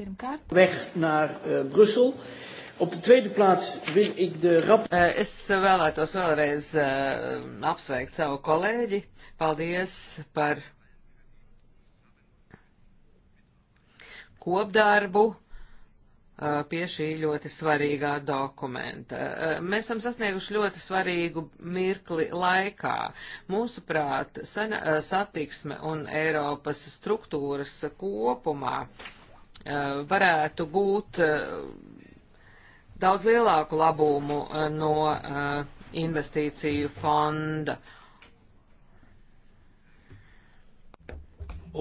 Pirmkārt. Weg naar uh, Brussel. Uh, Op de tweede plaats wil ik de rap... Eh, es vēlētos vēlreiz uh, apsveikt savu kolēģi. Paldies par kopdarbu eh, pie šī ļoti svarīgā dokumenta. Mēs esam sasnieguši ļoti svarīgu mirkli laikā. Mūsuprāt, satiksme un Eiropas struktūras kopumā varētu gūt daudz lielāku labumu eh, no eh, investīciju fonda.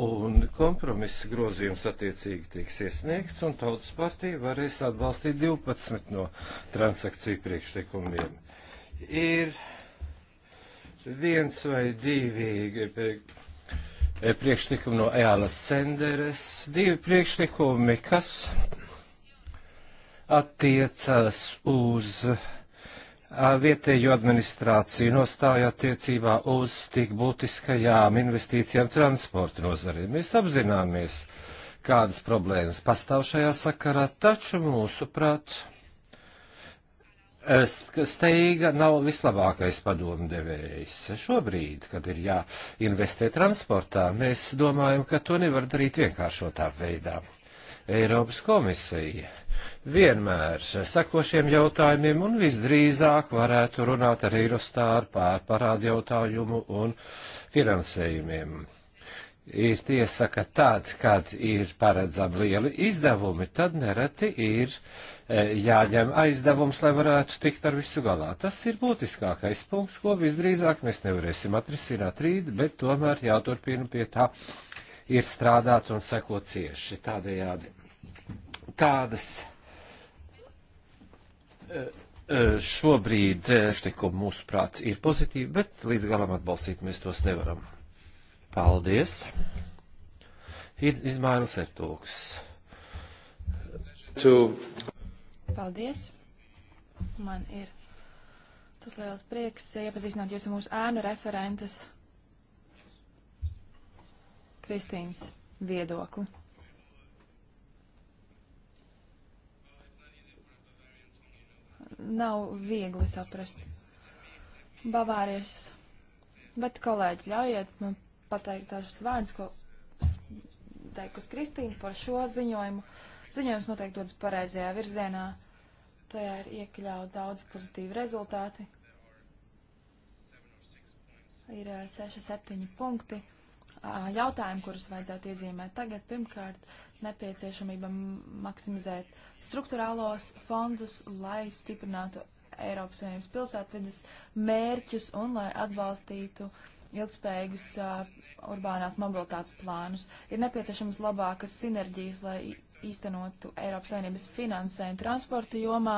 Un kompromisa grozījums attiecīgi tiks iesniegts, un tautas partija varēs atbalstīt 12 no transakciju priekšlikumiem. Ir viens vai divi eh, priekšlikumi no Eālas Senderes, divi priekšlikumi, kas attiecas uz vietējo administrāciju nostāja attiecībā uz tik būtiskajām investīcijām transporta nozarē. Mēs apzināmies, kādas problēmas pastāv šajā sakarā, taču mūsuprāt, steiga nav vislabākais padomu devējs. Šobrīd, kad ir jāinvestē transportā, mēs domājam, ka to nevar darīt vienkāršotā veidā. Eiropas komisija vienmēr sako šiem jautājumiem un visdrīzāk varētu runāt ar Eirostāru pār parādu jautājumu un finansējumiem. Ir tiesa, ka tad, kad ir paredzami lieli izdevumi, tad nereti ir e, jāņem aizdevums, lai varētu tikt ar visu galā. Tas ir būtiskākais punkts, ko visdrīzāk mēs nevarēsim atrisināt rīt, bet tomēr jāturpina pie tā ir strādāt un sekot cieši tādējādi tādas eh, eh, šobrīd eh, štikumi mūsuprāt ir pozitīvi, bet līdz galam atbalstīt mēs tos nevaram. Paldies! Izmaiņas ir tūks. Paldies! Man ir tas liels prieks iepazīstināt jūs ar mūsu ēnu referentes Kristīnas viedokli. nav viegli saprast. Bavārijas, bet kolēģi, ļaujiet man pateikt dažus vārdus, ko teikusi Kristīna par šo ziņojumu. Ziņojums noteikti dodas pareizajā virzienā. Tajā ir iekļaut daudz pozitīvu rezultāti. Ir 6-7 eh, punkti, jautājumi, kurus vajadzētu iezīmēt tagad. Pirmkārt, nepieciešamība maksimizēt struktūrālos fondus, lai stiprinātu Eiropas Savienības pilsētvidas mērķus un lai atbalstītu ilgspējīgus uh, urbānās mobilitātes plānus. Ir nepieciešamas labākas sinerģijas, lai īstenotu Eiropas Savienības finansējumu transporta jomā.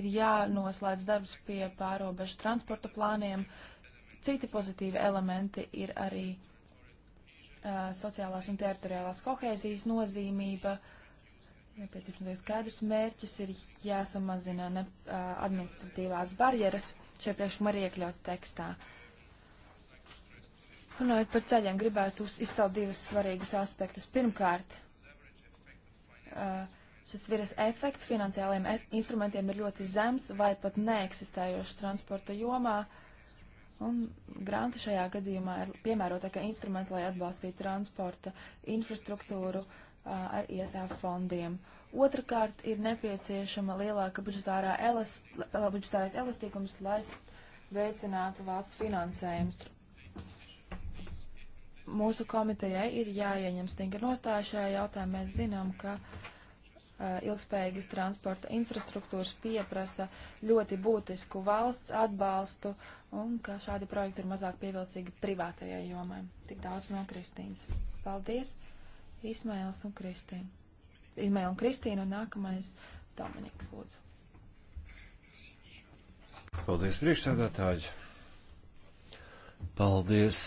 Ir jānoslēdz darbs pie pārobežu transporta plāniem. Citi pozitīvi elementi ir arī uh, uh, sociālās un teritoriālās kohēzijas nozīmība. Nepieciešams skaidrs mērķus ir jāsamazina ne, uh, administratīvās barjeras. Šie priekšlikumi arī iekļauti tekstā. Runājot par ceļiem, gribētu izcelt divus svarīgus aspektus. Pirmkārt, uh, šis viras efekts finansiālajiem ef instrumentiem ir ļoti zems vai pat neeksistējošs transporta jomā. Uh, Un granti šajā gadījumā ir piemērotākie instrumenti, lai atbalstītu transporta infrastruktūru ar ISF fondiem. Otrakārt ir nepieciešama lielāka budžetārā elast, budžetārais elastīgums, lai veicinātu valsts finansējumu. Mūsu komitejai ir jāieņem stingra nostāja šajā jautājumā. Mēs zinām, ka uh, ilgspējīgas transporta infrastruktūras pieprasa ļoti būtisku valsts atbalstu un ka šādi projekti ir mazāk pievilcīgi privātajai jomai. Tik daudz no Kristīnas. Paldies, Ismails un Kristīna. Izmaila un Kristīna un nākamais Dominiks, lūdzu. Paldies, priekšsēdētāji. Paldies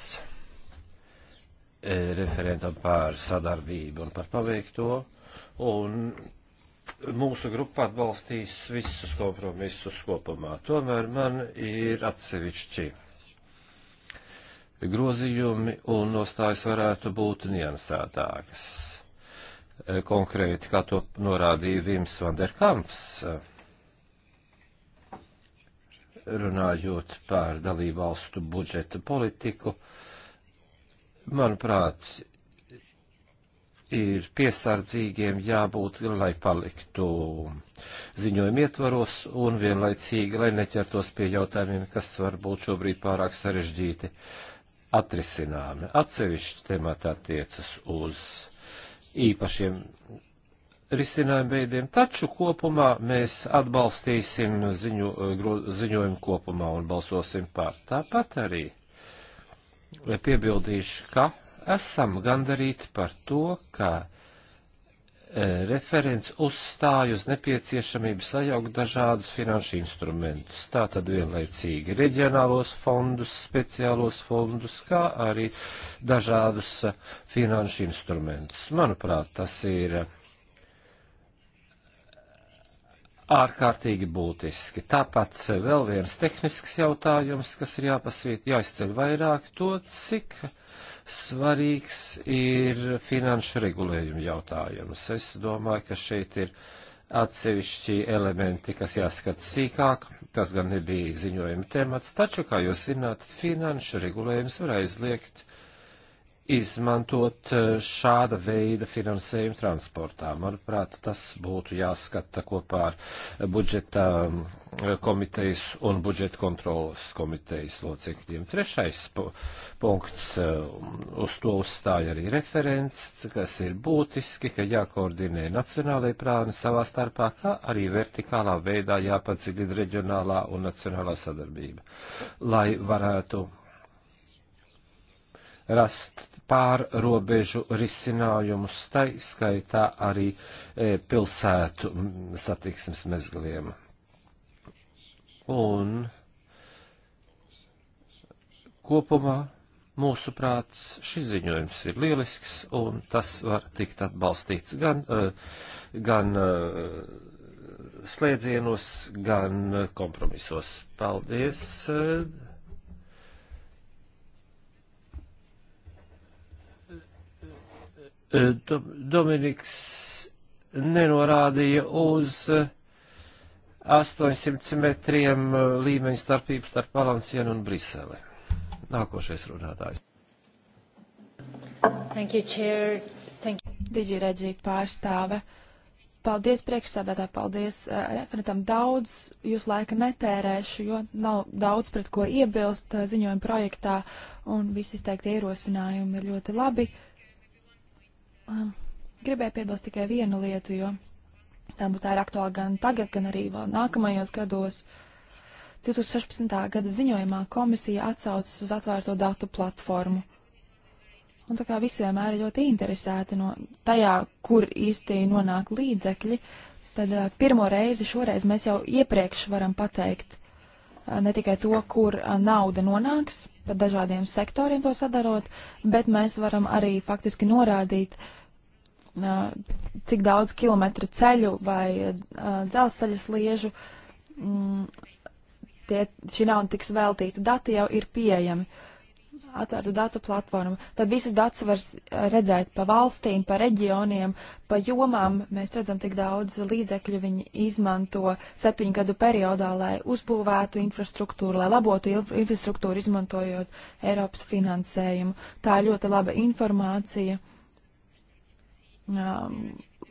eh, referentam par sadarbību un par paveikto. Un mūsu grupa atbalstīs visus kompromisus kopumā. Tomēr man ir atsevišķi grozījumi un nostājas varētu būt niansētākas. Konkrēti, kā to norādīja Vims Vanderkamps, runājot par dalībvalstu budžeta politiku, manuprāt, ir piesardzīgiem jābūt, lai paliktu ziņojumi ietvaros un vienlaicīgi, lai neķertos pie jautājumiem, kas varbūt šobrīd pārāk sarežģīti atrisināmi. Atsevišķi temata attiecas uz īpašiem risinājumu veidiem, taču kopumā mēs atbalstīsim ziņo, ziņojumu kopumā un balsosim pār. Tāpat arī piebildīšu, ka esam gandarīti par to, ka e, referents uzstāj uz nepieciešamību sajaukt dažādus finanšu instrumentus, tātad vienlaicīgi reģionālos fondus, speciālos fondus, kā arī dažādus e, finanšu instrumentus. Manuprāt, tas ir ārkārtīgi būtiski. Tāpat vēl viens tehnisks jautājums, kas ir jāpasvīt, jāizceļ vairāk to, cik svarīgs ir finanšu regulējuma jautājums. Es domāju, ka šeit ir atsevišķi elementi, kas jāskata sīkāk. Tas gan nebija ziņojuma temats, taču, kā jūs zināt, finanšu regulējums var aizliegt uh, izmantot eh, šāda veida finansējumu transportā. Manuprāt, tas būtu jāskata kopā ar budžeta eh, komitejas un budžeta kontrolas komitejas locekļiem. Trešais pu punkts, eh, uz to uzstāja arī referents, kas ir būtiski, ka jākoordinē nacionālai plāni savā starpā, kā arī vertikālā veidā jāpadziļina reģionālā un nacionālā sadarbība, lai varētu rast pārrobežu risinājumus, tai skaitā arī e, pilsētu satiksmes mezgliem. Un kopumā mūsu prāts šis ziņojums ir lielisks, un tas var tikt atbalstīts gan, e, gan e, slēdzienos, gan kompromisos. Paldies! E, Eh, Dominiks nenorādīja uz 800 eh, metriem eh, līmeņa starpību starp Valencienu un Briseli. Nākošais runātājs. Thank you, Chair. Thank you. Digireģija pārstāve. Paldies priekšsādātā, paldies uh, referentam. Daudz jūs laika netērēšu, jo nav daudz pret ko iebilst uh, ziņojuma projektā, un visi izteikti ierosinājumi ir ļoti labi. Uh, Um, gribēju piebilst tikai vienu lietu, jo tā būtu tā ir aktuāla gan tagad, gan arī vēl nākamajos gados. 2016. gada ziņojumā komisija atsaucas uz atvērto datu platformu. Un tā kā visi vienmēr ir ļoti interesēti no tajā, kur īsti nonāk līdzekļi, tad uh, pirmo reizi šoreiz mēs jau iepriekš varam pateikt uh, ne tikai to, kur uh, nauda nonāks, pa dažādiem sektoriem to sadarot, bet mēs varam arī faktiski norādīt, uh, cik daudz kilometru ceļu vai dzelzceļa sliežu mm, tie, šī nauda tiks veltīta. Dati jau ir pieejami. Atvērtu datu platformu. Tad visus datus var redzēt pa valstīm, pa reģioniem, pa jomām. Mēs redzam, cik daudz līdzekļu viņi izmanto septiņu gadu periodā, lai uzbūvētu infrastruktūru, lai labotu infrastruktūru, izmantojot Eiropas finansējumu. Tā ir ļoti laba informācija. Uh, um,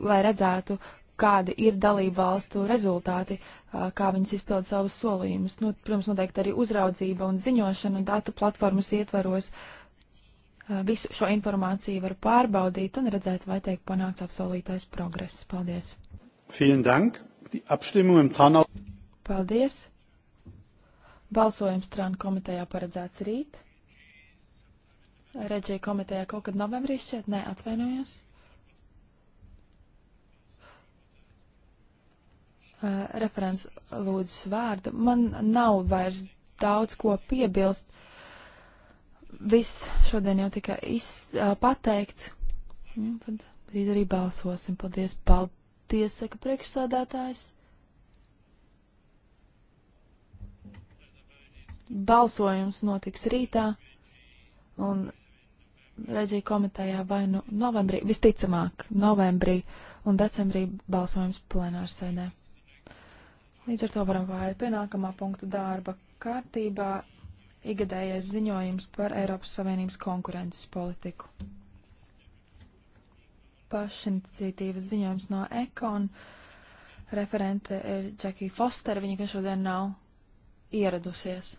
lai redzētu, kādi ir dalību valstu rezultāti, uh, kā viņas izpild savus solījumus. Nu, protams, noteikti arī uzraudzība un ziņošana datu platformas ietvaros. Uh, visu šo informāciju var pārbaudīt un redzēt, vai tiek panākts apsolītais progress. Paldies! Vielen Dank! Die Abstimmung im Tranau. Paldies! Balsojums Trānu komitejā paredzēts rīt. Reģija komitejā kaut kad novembrī šķiet, nē, atvainojos. Uh, referents lūdzas vārdu. Man nav vairs daudz ko piebilst. Viss šodien jau tika iz, uh, pateikts. Nu, tad drīz arī balsosim. Paldies, paldies, saka priekšsādātājs. Balsojums notiks rītā un redzēju komitējā vai nu novembrī, visticamāk novembrī un decembrī balsojums plenārsēdē. Līdz ar to varam pāriet pie nākamā punkta darba kārtībā - igadējais ziņojums par Eiropas Savienības konkurences politiku. Pašiniciatīvas ziņojums no Ekon. Referente ir Džekija Foster, viņa gan šodien nav ieradusies.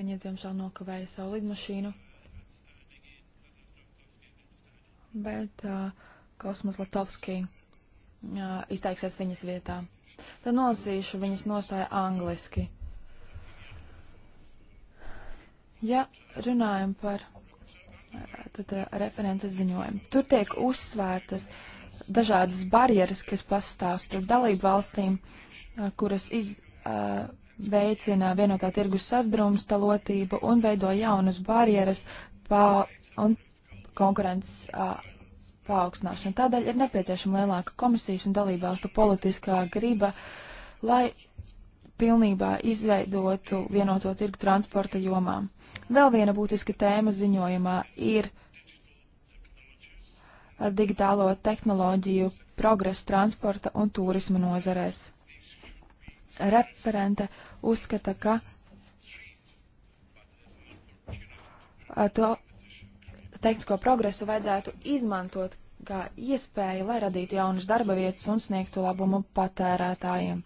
Viņa, diemžēl, nokavēja savu lidmašīnu. Bet uh, Kosmas Latovskija izteiksies viņas vietā. Tad nolasīšu viņas nostāju angliski. Ja runājam par tad, referentes ziņojumu, tur tiek uzsvērtas dažādas barjeras, kas pastāv starp dalību valstīm, kuras iz, veicina vienotā tirgus sadrumstalotību un veido jaunas barjeras pa, un konkurences paaugstināšanu. Tādēļ ir nepieciešama lielāka komisijas un dalībvalstu politiskā griba, lai pilnībā izveidotu vienoto tirgu transporta jomā. Vēl viena būtiska tēma ziņojumā ir digitālo tehnoloģiju progresu transporta un turisma nozarēs. Referente uzskata, ka to tehnisko progresu vajadzētu izmantot kā iespēju, lai radītu jaunas darba vietas un sniegtu labumu patērētājiem.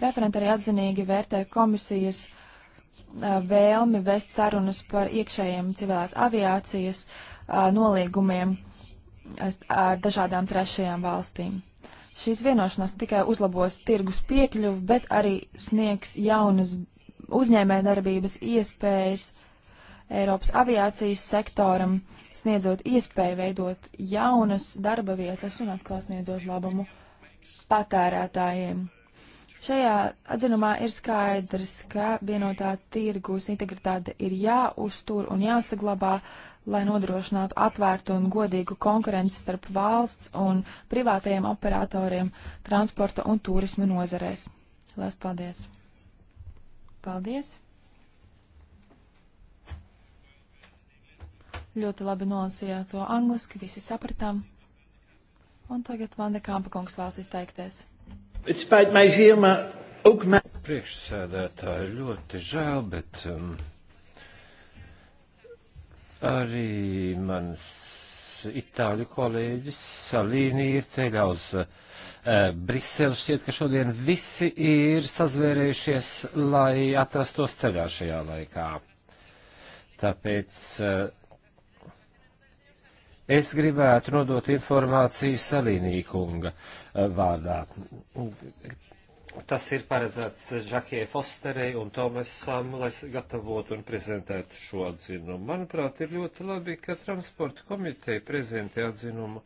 Referenti arī atzinīgi vērtē komisijas a, vēlmi vest sarunas par iekšējiem civilās aviācijas a, nolīgumiem ar dažādām trešajām valstīm. Šīs vienošanās tikai uzlabos tirgus piekļuvu, bet arī sniegs jaunas uzņēmē darbības iespējas Eiropas aviācijas sektoram sniedzot iespēju veidot jaunas darba vietas un atkal sniedzot labumu patērētājiem. Šajā atzinumā ir skaidrs, ka vienotā tirgus integritāte ir jāuztur un jāsaglabā, lai nodrošinātu atvērtu un godīgu konkurenci starp valsts un privātajiem operatoriem transporta un turisma nozarēs. Lēst paldies! Paldies! Ļoti labi nolasījāt to angliski, visi sapratām. Un tagad Vanda Kāmpa kungs vēlas izteikties. Priekšsēdētāji ļoti žēl, bet um, arī mans itāļu kolēģis Salīni ir ceļā uz uh, Briseli. Šķiet, ka šodien visi ir sazvērējušies, lai atrastos ceļā šajā laikā. Tāpēc uh, Es gribētu nodot informāciju Salīnīkunga eh, vārdā. Tas ir paredzēts Žakie Fosterei un Tomasam, lai gatavotu un prezentētu šo atzinumu. Manuprāt, ir ļoti labi, ka transporta komiteja prezentē atzinumu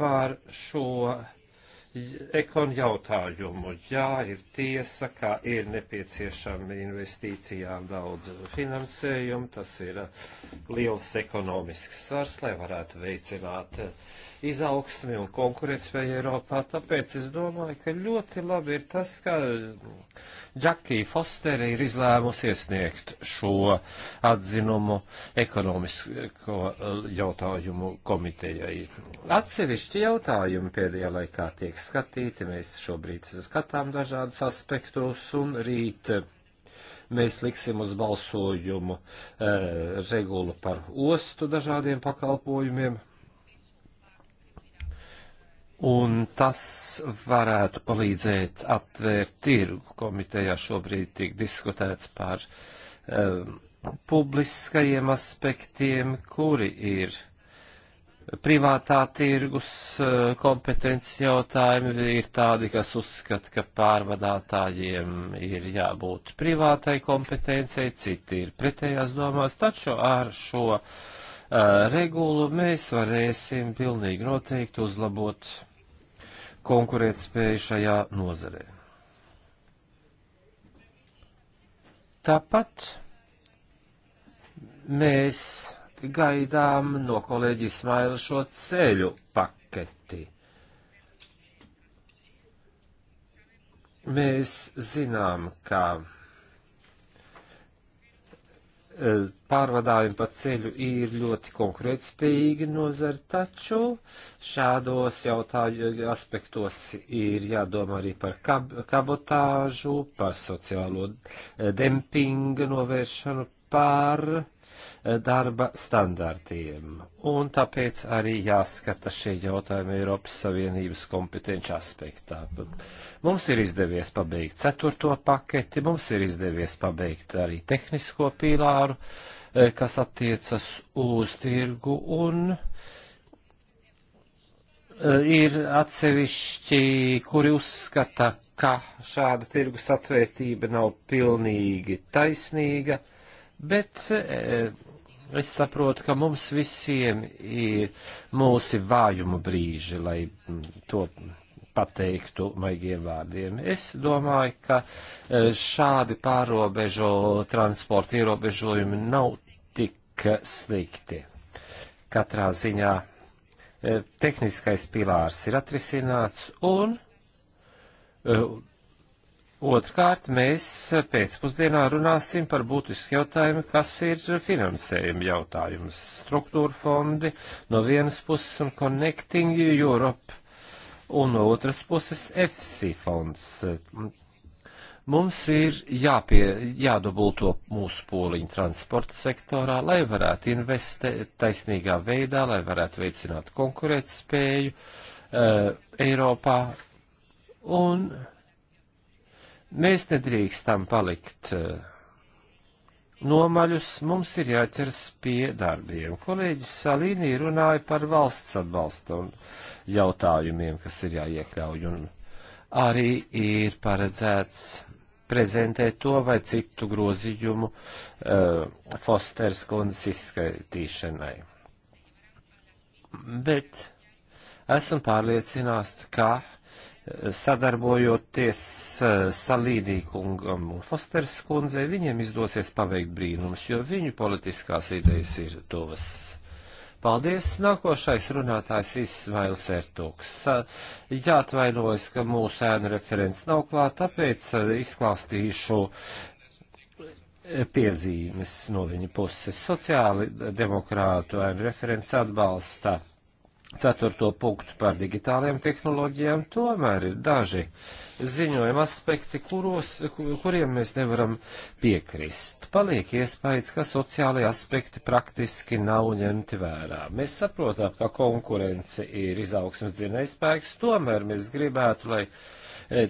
pār šo ekon jautājumu. Jā, ir tiesa, ka ir nepieciešama investīcijām daudz finansējumu, tas ir liels ekonomisks svars, lai varētu veicināt uh, izaugsmi un konkurētspēju Eiropā. Tāpēc es domāju, ka ļoti labi ir tas, ka Džakija Fosteri ir izlēmusi iesniegt šo atzinumu ekonomisko uh, jautājumu komitejai. Atsevišķi jautājumi pēdējā laikā tiek skatīti, mēs šobrīd skatām dažādus aspektus un rīt uh, mēs liksim uz balsojumu e, regulu par ostu dažādiem pakalpojumiem un tas varētu palīdzēt aptvērt tirgu. Komitejā šobrīd tiek diskutēts par um, publiskajiem aspektiem, kuri ir privātā tirgus uh, kompetences jautājumi ir tādi, kas uzskata, ka pārvadātājiem ir jābūt privātai kompetencijai, citi ir pretējās domās, taču ar šo uh, regulu mēs varēsim pilnīgi noteikti uzlabot konkurētspēju šajā nozarē. Tāpat mēs gaidām no kolēģi Ismaila šo ceļu paketi. Mēs zinām, ka pārvadājumi pa ceļu ir ļoti konkurētspējīgi nozari, taču šādos jautāju aspektos ir jādomā arī par kab kabotāžu, par sociālo dempinga novēršanu, par Eh, darba standartiem. Un tāpēc arī jāskata šie jautājumi Eiropas Savienības kompetenci aspektā. Mums ir izdevies pabeigt ceturto paketi, mums ir izdevies pabeigt arī tehnisko pīlāru, eh, kas attiecas uz tirgu un eh, ir atsevišķi, kuri uzskata, ka šāda tirgus atvērtība nav pilnīgi taisnīga, Bet eh, es saprotu, ka mums visiem ir mūsu vājumu brīži, lai mm, to pateiktu maigiem vārdiem. Es domāju, ka eh, šādi pārobežo transporta ierobežojumi nav tik slikti. Katrā ziņā eh, tehniskais pilārs ir atrisināts un Otrkārt, mēs pēcpusdienā runāsim par būtisku jautājumu, kas ir finansējuma jautājums. Struktūra fondi no vienas puses un Connecting Europe un no otras puses FC fonds. Mums ir jāpie, jādubulto mūsu poliņu transporta sektorā, lai varētu investēt taisnīgā veidā, lai varētu veicināt konkurētspēju uh, Eiropā. Un Mēs nedrīkstam palikt eh, nomaļus, mums ir jāķers pie darbiem. Kolēģis Salīnī runāja par valsts atbalsta un jautājumiem, kas ir jāiekļauj, un arī ir paredzēts prezentēt to vai citu grozījumu uh, Fosters kundzes izskaitīšanai. Bet esmu pārliecināts, ka sadarbojoties eh, Salīdī kungam un Fosters kundzei, viņiem izdosies paveikt brīnums, jo viņu politiskās idejas ir tuvas. Paldies! Nākošais runātājs Ismails Ertūks. Eh, jāatvainojas, ka mūsu ēnu referents nav klāt, tāpēc eh, izklāstīšu piezīmes no viņa puses. Sociāli demokrātu ēnu referents atbalsta ceturto punktu par digitālajām tehnoloģijām, tomēr ir daži ziņojuma aspekti, kuros, kuriem mēs nevaram piekrist. Paliek iespējas, ka sociālai aspekti praktiski nav ņemti vērā. Mēs saprotam, ka konkurence ir izaugsmes dzinējspēks, tomēr mēs gribētu, lai e,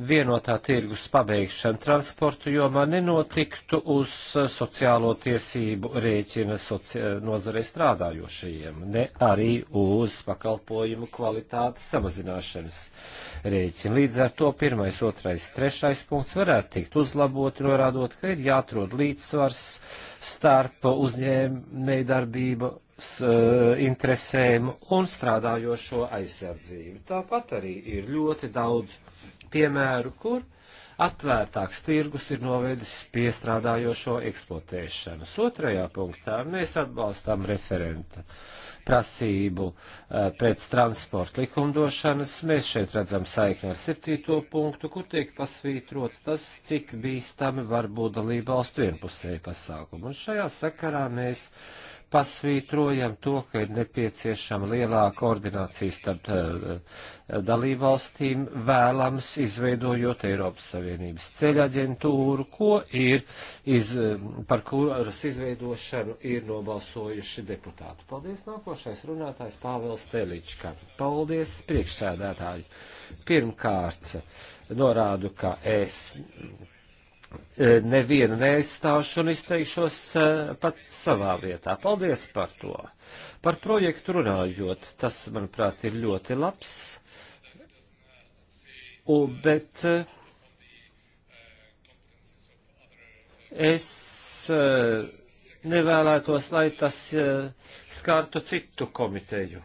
vienotā tirgus pabeigšana transportu jomā nenotiktu uz sociālo tiesību rēķina soci... nozarē strādājošajiem, ne arī uz pakalpojumu kvalitātes samazināšanas rēķina. Līdz ar to pirmais, otrais, trešais punkts varētu tikt uzlabot, norādot, ka ir jāatrod līdzsvars starp uzņēmēju darbību e, interesēm un strādājošo aizsardzību. Tāpat arī ir ļoti daudz piemēru, kur atvērtāks tirgus ir novedis pie strādājošo eksploatēšanas. Otrajā punktā mēs atbalstām referenta prasību eh, pēc transporta likumdošanas. Mēs šeit redzam saikni ar septīto punktu, kur tiek pasvītrots tas, cik bīstami var būt dalība valstu vienpusēja pasākumu. Un šajā sakarā mēs pasvītrojam to, ka ir nepieciešama lielāka koordinācija starp eh, dalībvalstīm, vēlams izveidojot Eiropas Savienības ceļaģentūru, ko ir, iz, par kuras izveidošanu ir nobalsojuši deputāti. Paldies, nākošais runātājs Pāvils Telička. Paldies, priekšsēdētāji. Pirmkārt, norādu, ka es E, nevienu neaizstāšu un izteikšos e, pats savā vietā. Paldies par to. Par projektu runājot, tas, manuprāt, ir ļoti labs, U, bet e, es nevēlētos, lai tas skārtu citu komiteju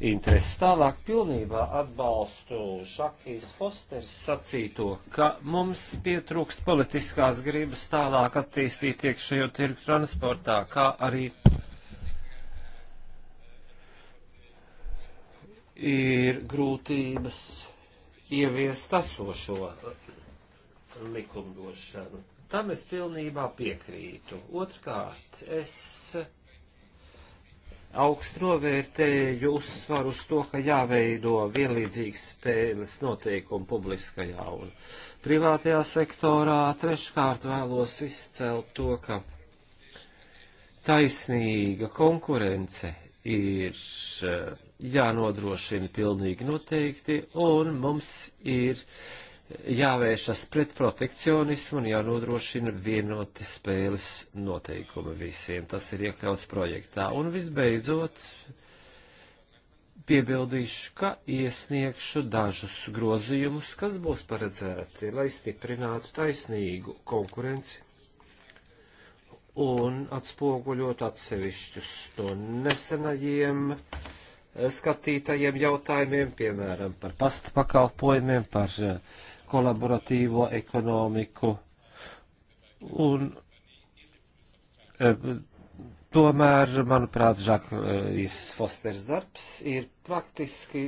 intereses. Tālāk pilnībā atbalstu Šakijas Fosters sacīto, ka mums pietrūkst politiskās gribas tālāk attīstīt iekšējo tirgu transportā, kā arī ir grūtības ieviest esošo likumdošanu. Tam es pilnībā piekrītu. Otrkārt, es augstovērtēju uzsvaru uz to, ka jāveido vienlīdzīgas spēles noteikumi publiskajā un privātajā sektorā. Treškārt vēlos izcelt to, ka taisnīga konkurence ir eh, jānodrošina pilnīgi noteikti, un mums ir jāvēršas pret protekcionismu un jānodrošina vienoti spēles noteikumi visiem. Tas ir iekļauts projektā. Un visbeidzot, piebildīšu, ka iesniegšu dažus grozījumus, kas būs paredzēti, lai stiprinātu taisnīgu konkurenci un atspoguļot atsevišķus no nesenajiem eh, skatītajiem jautājumiem, piemēram, par pasta pakalpojumiem, par uh, kolaboratīvo ekonomiku. Un e, Tomēr, manuprāt, Žaklīs Fosters darbs ir praktiski,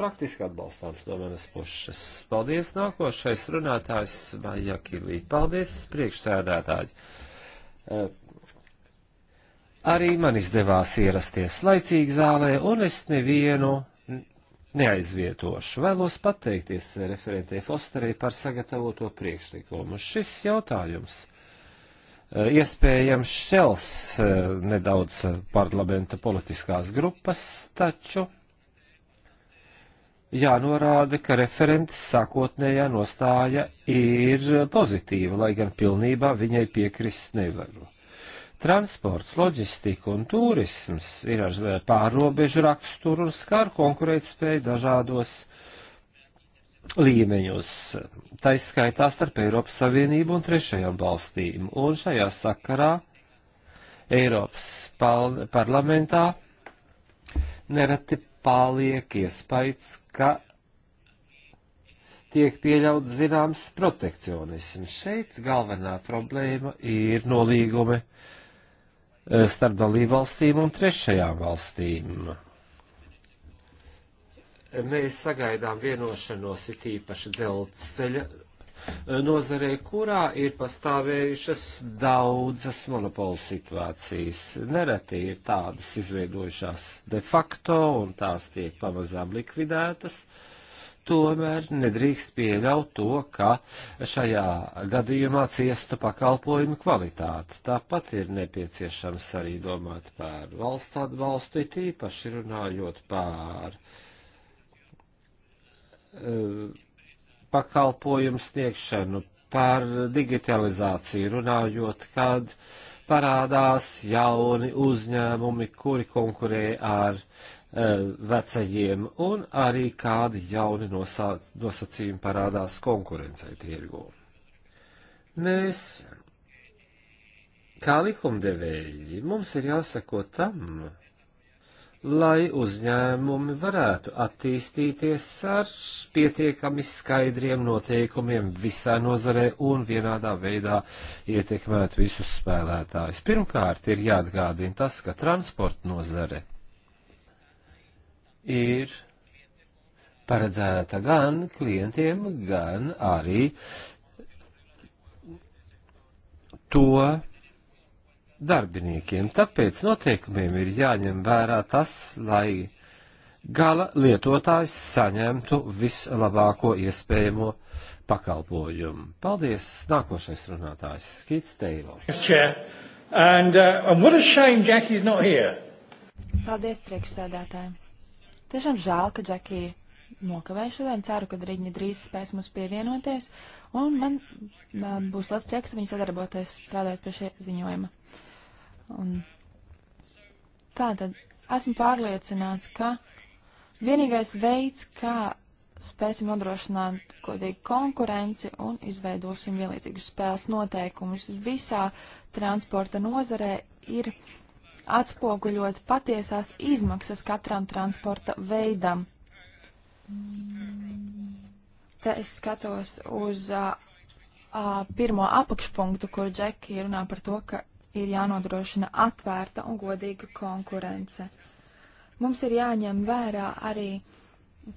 praktiski atbalstāms no manas puses. Paldies, nākošais runātājs Maija Kilī. Paldies, priekšsēdētāji. E, arī man izdevās ierasties laicīgi zālē, un es nevienu neaizvietošu. Vēlos pateikties referentē Fosterī par sagatavoto priekšlikumu. Šis jautājums e, iespējams šķels e, nedaudz parlamenta politiskās grupas, taču jānorāda, ka referents sākotnējā nostāja ir pozitīva, lai gan pilnībā viņai piekrist nevaru. Transports, loģistika un turisms ir ar pārrobežu raksturu un skar konkurētspēju dažādos līmeņos, taiskaitā starp Eiropas Savienību un trešajām valstīm. Un šajā sakarā Eiropas parlamentā nereti paliek iespējas, ka tiek pieļauts zināms protekcionisms. Šeit galvenā problēma ir nolīgumi Eh, starp dalību valstīm un trešajām valstīm. Mēs sagaidām vienošanos it īpaši dzelzceļa eh, nozarei, kurā ir pastāvējušas daudzas monopolu situācijas. Nereti ir tādas izveidojušās de facto, un tās tiek pamazām likvidētas. Uh, tomēr nedrīkst pieļaut to, ka šajā gadījumā ciestu pakalpojumu kvalitātes. Tāpat ir nepieciešams arī domāt par valsts atbalstu, it īpaši runājot par uh, pakalpojumu sniegšanu par digitalizāciju runājot, kad parādās jauni uzņēmumi, kuri konkurē ar e, vecajiem, un arī kādi jauni nosāc, nosacījumi parādās konkurencei tirgū. Mēs, kā likumdevēji, mums ir jāsako tam, lai uzņēmumi varētu attīstīties ar pietiekami skaidriem noteikumiem visā nozarē un vienādā veidā ietekmēt visus spēlētājus. Pirmkārt, ir jāatgādina tas, ka transporta nozare ir paredzēta gan klientiem, gan arī to darbiniekiem. Tāpēc noteikumiem ir jāņem vērā tas, lai gala lietotājs saņemtu vislabāko iespējamo pakalpojumu. Paldies! Nākošais runātājs - Skits Teilo. Uh, Paldies priekšsēdētājiem! Tiešām žēl, ka Džekija nokavēju šodien. Ceru, ka viņa drīz spēs mums pievienoties. Un man uh, būs liels prieks, ka viņa sadarboties strādājot pie šī ziņojuma. Un tātad esmu pārliecināts, ka vienīgais veids, kā spēsim nodrošināt godīgu konkurenci un izveidosim vienlīdzīgus spēles noteikumus visā transporta nozarē, ir atspoguļot patiesās izmaksas katram transporta veidam. Te es skatos uz uh, uh, pirmo apakšpunktu, kur Džeki runā par to, ka ir jānodrošina atvērta un godīga konkurence. Mums ir jāņem vērā arī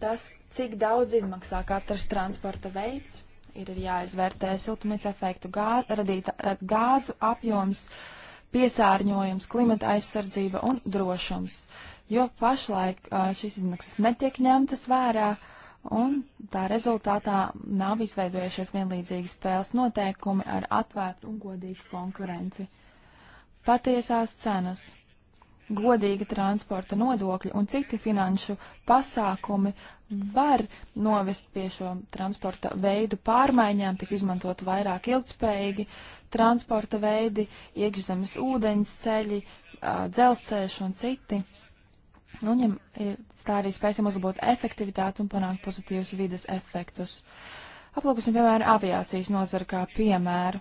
tas, cik daudz izmaksā katrs transporta veids. Ir, ir jāizvērtē siltumnīca efektu gā, radīta, gāzu apjoms, piesārņojums, klimata aizsardzība un drošums. Jo pašlaik šīs izmaksas netiek ņemtas vērā, un tā rezultātā nav izveidojušies vienlīdzīgi spēles noteikumi ar atvērtu un godīgu konkurenci patiesās cenas, godīga transporta nodokļa un citi finanšu pasākumi var novest pie šo transporta veidu pārmaiņām, tik izmantot vairāk ilgspējīgi transporta veidi, iekšzemes ūdeņas ceļi, dzelzceļš un citi. Nu, ņem, tā arī spēsim uzlabot efektivitāti un panākt pozitīvus vides efektus. Aplūkosim, piemēram, aviācijas nozara kā piemēru.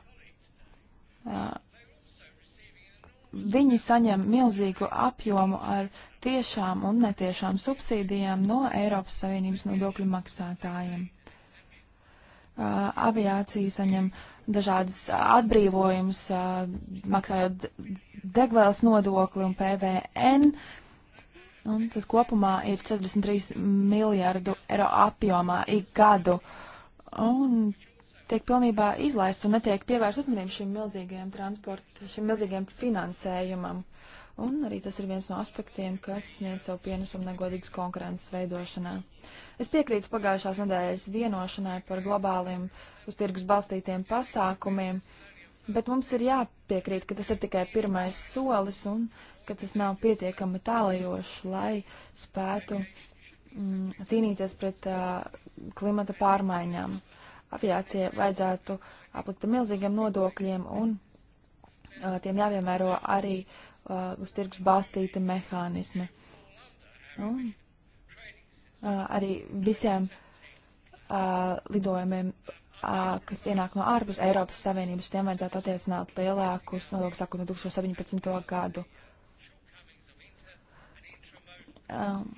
Viņi saņem milzīgu apjomu ar tiešām un netiešām subsīdijām no Eiropas Savienības nodokļu maksātājiem. Uh, aviācija saņem dažādas atbrīvojumus, uh, maksājot degvielas nodokli un PVN. Un tas kopumā ir 43 miljārdu eiro apjomā ik gadu. Un tiek pilnībā izlaists un netiek pievērst uzmanību šim milzīgajam transportam, šim milzīgajam finansējumam. Un arī tas ir viens no aspektiem, kas sniedz savu pienesumu negodīgas konkurences veidošanā. Es piekrītu pagājušās nedēļas vienošanai par globāliem uz tirgus balstītiem pasākumiem, bet mums ir jāpiekrīt, ka tas ir tikai pirmais solis un ka tas nav pietiekami tālajošs, lai spētu mm, cīnīties pret uh, klimata pārmaiņām. Uh, aviācijai vajadzētu aplikt milzīgiem nodokļiem un uh, tiem jāviemēro arī uh, uz tirgus balstīti mehānismi. Un uh, arī visiem lidojumiem, kas ienāk no ārpus Eiropas Savienības, tiem vajadzētu attiecināt lielākus nodokļus sākot no 2017. gadu. Um,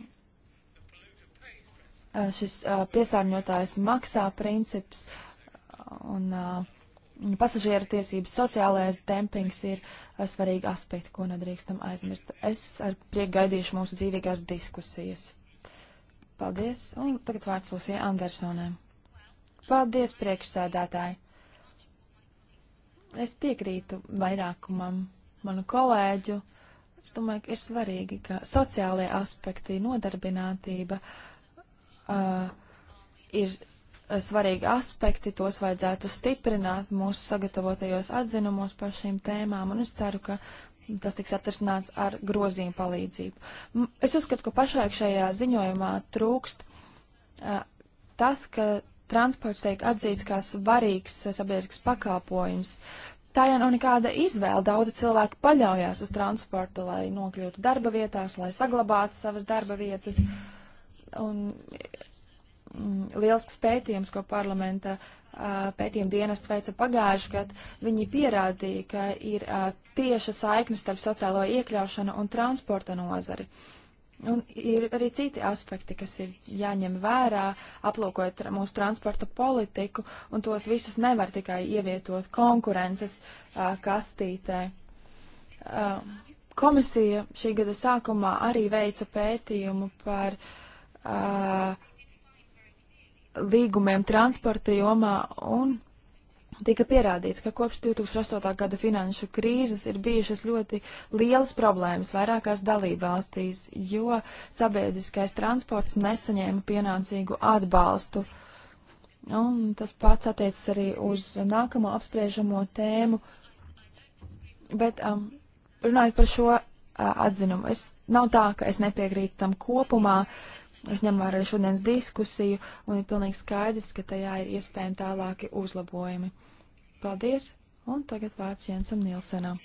Uh, šis uh, piesārņotājs maksā princips uh, un pasažieru tiesības sociālais dempings ir svarīgi aspekti, ko nedrīkstam aizmirst. Es ar prieku gaidīšu mūsu dzīvīgās diskusijas. Paldies, un tagad vārds Lūsija Andersonē. Paldies, priekšsēdētāji. Es piekrītu vairākumam manu kolēģu. Es domāju, ka ir svarīgi, ka sociālajie aspekti, nodarbinātība, uh, uh, ir uh, svarīgi aspekti, tos vajadzētu stiprināt mūsu sagatavotajos atzinumos par šīm tēmām, un es ceru, ka tas tiks atrasināts ar grozījumu palīdzību. Es uzskatu, ka pašlaik šajā ziņojumā trūkst uh, tas, ka transports tiek atzīts kā svarīgs uh, sabiedrisks pakalpojums. Tā jau nav nekāda izvēle. Daudzi cilvēki paļaujas uz transportu, lai nokļūtu darba vietās, lai saglabātu savas darba vietas. Mm Un mm, lielisks pētījums, ko parlamenta pētījuma dienests veica pagājuši, kad viņi pierādīja, ka ir tieša saikne starp sociālo iekļaušanu un transporta nozari. Un ir arī citi aspekti, kas ir jāņem vērā, aplūkojot mūsu transporta politiku, un tos visus nevar tikai ievietot konkurences kastītē. Komisija šī gada sākumā arī veica pētījumu par uh, uh, līgumiem transporta jomā un tika pierādīts, ka kopš 2008. gada finanšu krīzes ir bijušas ļoti lielas problēmas vairākās dalībvalstīs, jo sabiedriskais transports nesaņēma pienācīgu atbalstu. Un tas pats attiecas arī uz nākamo apspriežamo tēmu. Bet um, runājot par šo uh, atzinumu, es, nav tā, ka es nepiekrītu tam kopumā. Uh, Es ņemu vērā arī šodienas diskusiju un ir pilnīgi skaidrs, ka tajā ir iespējami tālāki uzlabojumi. Paldies, un tagad vārds Jensam Nilsenam.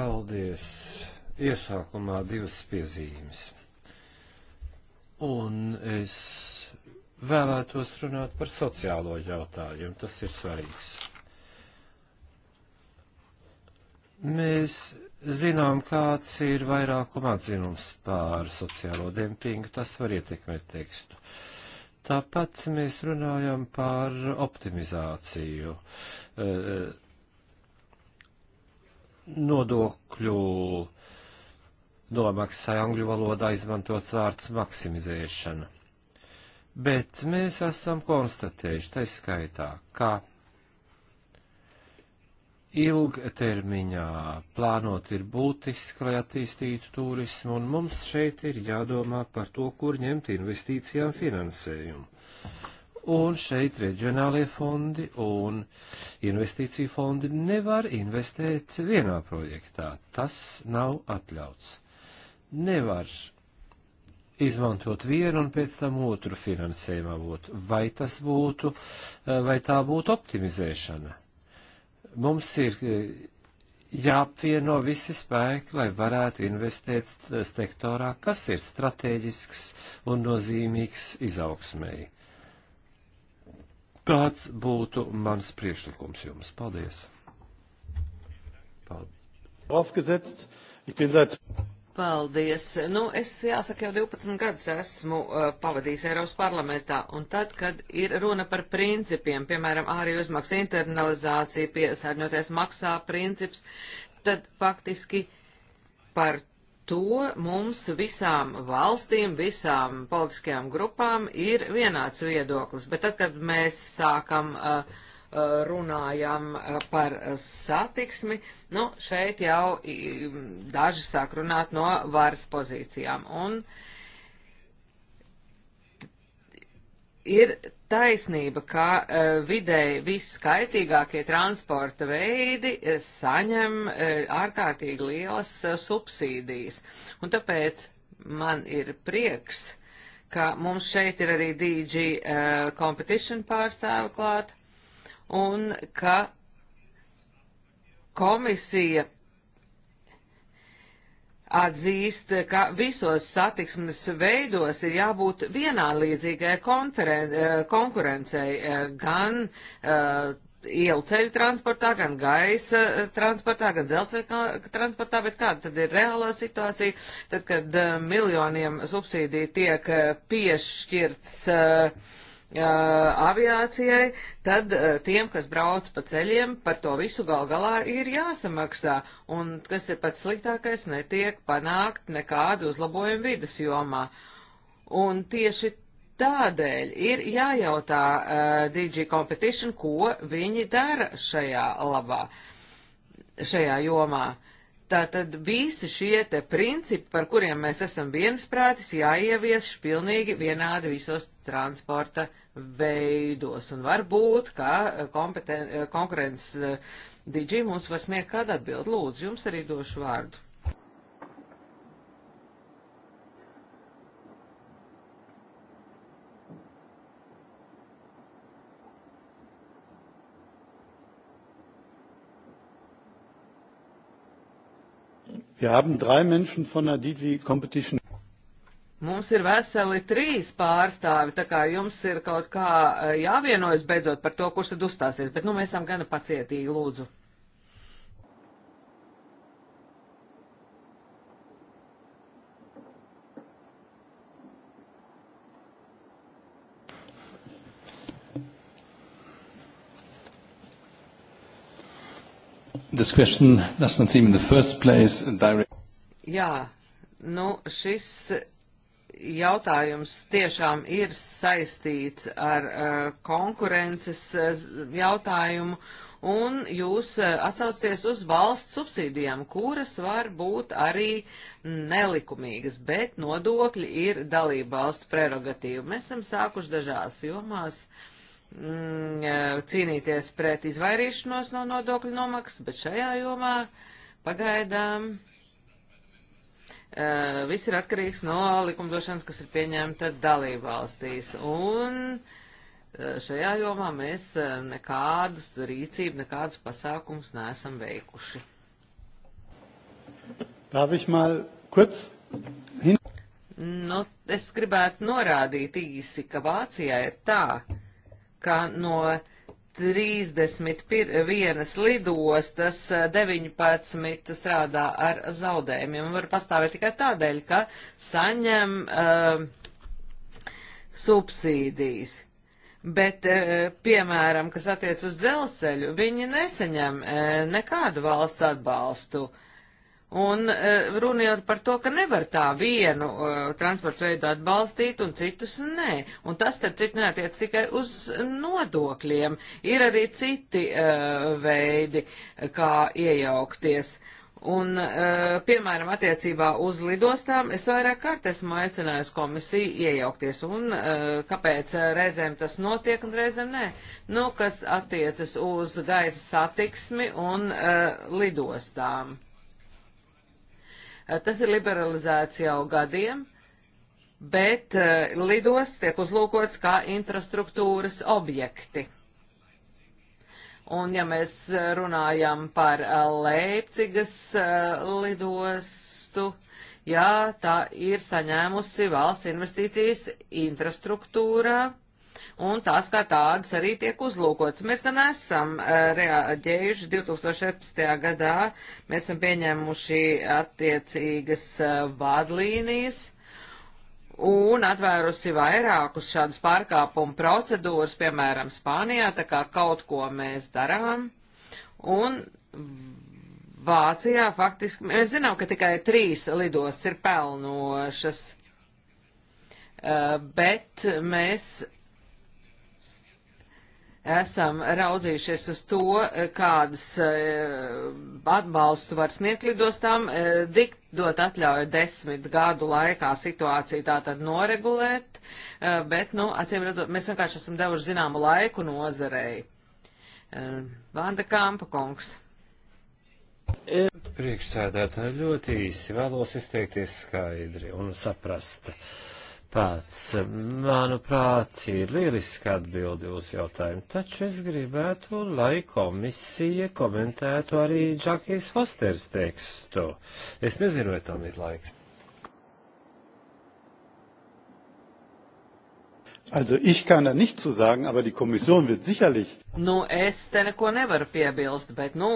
Paldies. Iesākumā divas piezīmes. Un es vēlētos runāt par sociālo jautājumu. Tas ir svarīgs. Mēs zinām, kāds ir vairākuma atzinums pār sociālo dempingu, tas var ietekmēt tekstu. Tāpat mēs runājam par optimizāciju eh, nodokļu nomaksai angļu valodā izmantots vārds maksimizēšana. Bet mēs esam konstatējuši, tā skaitā, ka ilgtermiņā plānot ir būtiski, lai attīstītu turismu, un mums šeit ir jādomā par to, kur ņemt investīcijām finansējumu. Un šeit reģionālie fondi un investīciju fondi nevar investēt vienā projektā. Tas nav atļauts. Nevar izmantot vienu un pēc tam otru finansējumu avotu. Vai tas būtu, vai tā būtu optimizēšana? Mums ir e, jāapvieno visi spēki, lai varētu investēt e, sektorā, kas ir strateģisks un nozīmīgs izaugsmēji. Tāds būtu mans priekšlikums jums. Paldies! Paldies. Paldies. Nu, es jāsaka, jau 12 gadus esmu uh, pavadījis Eiropas parlamentā, un tad, kad ir runa par principiem, piemēram, arī uzmaksa internalizācija, piesārņoties maksā princips, tad faktiski par to mums visām valstīm, visām politiskajām grupām ir vienāds viedoklis. Bet tad, kad mēs sākam uh, Uh, runājam uh, par uh, satiksmi, nu, šeit jau daži sāk runāt no varas pozīcijām. Un ir taisnība, ka vidēji visskaitīgākie transporta veidi saņem ārkārtīgi lielas subsīdijas. Un tāpēc man ir prieks, ka mums šeit ir arī DG uh, competition pārstāvu klāt. Uh, un ka komisija atzīst, ka visos satiksmes veidos ir jābūt vienālīdzīgai eh, konkurencei eh, gan uh, ielu ceļu transportā, gan gaisa transportā, gan dzelzceļa transportā, bet kāda tad ir reālā situācija, tad, kad uh, miljoniem subsīdija tiek uh, piešķirts uh, aviācijai, tad tiem, kas brauc pa ceļiem, par to visu gal galā ir jāsamaksā. Un kas ir pats sliktākais, netiek panākt nekādu uzlabojumu vidas jomā. Un tieši tādēļ ir jājautā uh, DG Competition, ko viņi dara šajā labā, šajā jomā. Tātad visi šie te principi, par kuriem mēs esam viensprātis, jāievieš pilnīgi vienādi visos transporta uh, veidos, un varbūt, ka eh, eh, konkurences eh, DG mums var sniegt kādu atbildi. Lūdzu, jums arī došu vārdu. Wir haben drei Menschen von der DG Competition. Mums ir veseli trīs pārstāvi, tā kā jums ir kaut kā e, jāvienojas beidzot par to, kurš tad uzstāsies, bet nu mēs esam gana pacietīgi, lūdzu. This question does not seem in the first place direct. Jā, nu šis jautājums tiešām ir saistīts ar uh, konkurences eh, jautājumu, un jūs uh, eh, atsaucties uz valsts subsīdijām, kuras var būt arī nelikumīgas, bet nodokļi ir dalība valsts prerogatīva. Mēs esam sākuši dažās jomās mm, cīnīties pret izvairīšanos no nodokļu nomaksas, bet šajā jomā pagaidām. Uh, Eh, viss ir atkarīgs no likumdošanas, kas ir pieņemta dalībvalstīs. Un eh, šajā jomā mēs eh, nekādus rīcību, nekādus pasākums neesam veikuši. Nu, es gribētu norādīt īsi, ka Vācijā ir tā, ka no uh, 31 lidostas 19 eh, strādā ar zaudējumiem un var pastāvēt tikai tādēļ, ka saņem uh, subsīdijas. Bet, uh, piemēram, kas attiec uz dzelzceļu, viņi nesaņem uh, nekādu valsts atbalstu. Uh, Un uh, runa jau par to, ka nevar tā vienu uh, e, transportu veidu atbalstīt un citus nē. Un tas, starp citu, neatiec tikai uz nodokļiem. Ir arī citi uh, veidi, kā iejaukties. Un, uh, piemēram, attiecībā uz lidostām es vairāk kārt esmu aicinājusi komisiju iejaukties, un uh, kāpēc reizēm tas notiek un reizēm nē. Nu, kas attiecas uz gaisa satiksmi un uh, lidostām. Eh, tas ir liberalizēts jau gadiem, bet eh, lidos tiek uzlūkots kā infrastruktūras objekti. Un ja mēs eh, runājam par Leipcigas lidostu, jā, tā ir saņēmusi valsts investīcijas infrastruktūrā un tās kā tādas arī tiek uzlūkotas. Mēs gan esam eh, reaģējuši 2017. gadā, mēs esam pieņēmuši attiecīgas eh, vadlīnijas un atvērusi vairākus šādus pārkāpumu procedūras, piemēram, Spānijā, tā kā kaut ko mēs darām. Un Vācijā faktiski mēs zinām, ka tikai trīs lidosts ir pelnošas, eh, bet mēs esam raudzījušies uz to, kādas e, atbalstu var sniegt lidostām, e, dot atļauju desmit gadu laikā situāciju tā tad noregulēt, e, bet, nu, acīm redzot, mēs vienkārši esam devuši zināmu laiku nozarei. Vanda Kampa kungs. Priekšsēdētāji ļoti īsi vēlos izteikties skaidri un saprast. Uh, pats. Manuprāt, ir lieliski atbildi uz jautājumu, taču es gribētu, lai komisija komentētu arī Džakijas Fosters tekstu. Es nezinu, vai tam ir laiks. Also ich kann da nicht zu sagen, aber die Kommission wird sicherlich. Nu, es te neko nevaru piebilst, bet, nu,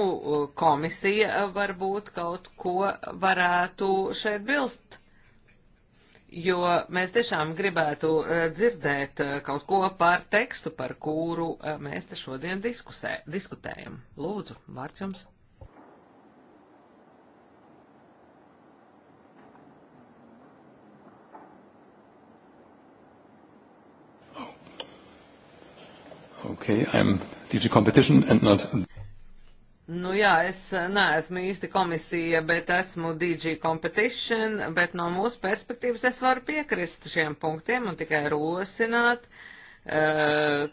komisija eh, varbūt kaut ko varētu šeit bilst jo mēs tiešām gribētu eh, dzirdēt eh, kaut ko par tekstu, par kuru eh, mēs te šodien diskusē, diskutējam. Lūdzu, vārds jums. Okay, I'm DG Competition and not... Nu jā, es eh, neesmu īsti komisija, bet esmu DG Competition, bet no mūsu perspektīvas es varu piekrist šiem punktiem un tikai rosināt uh,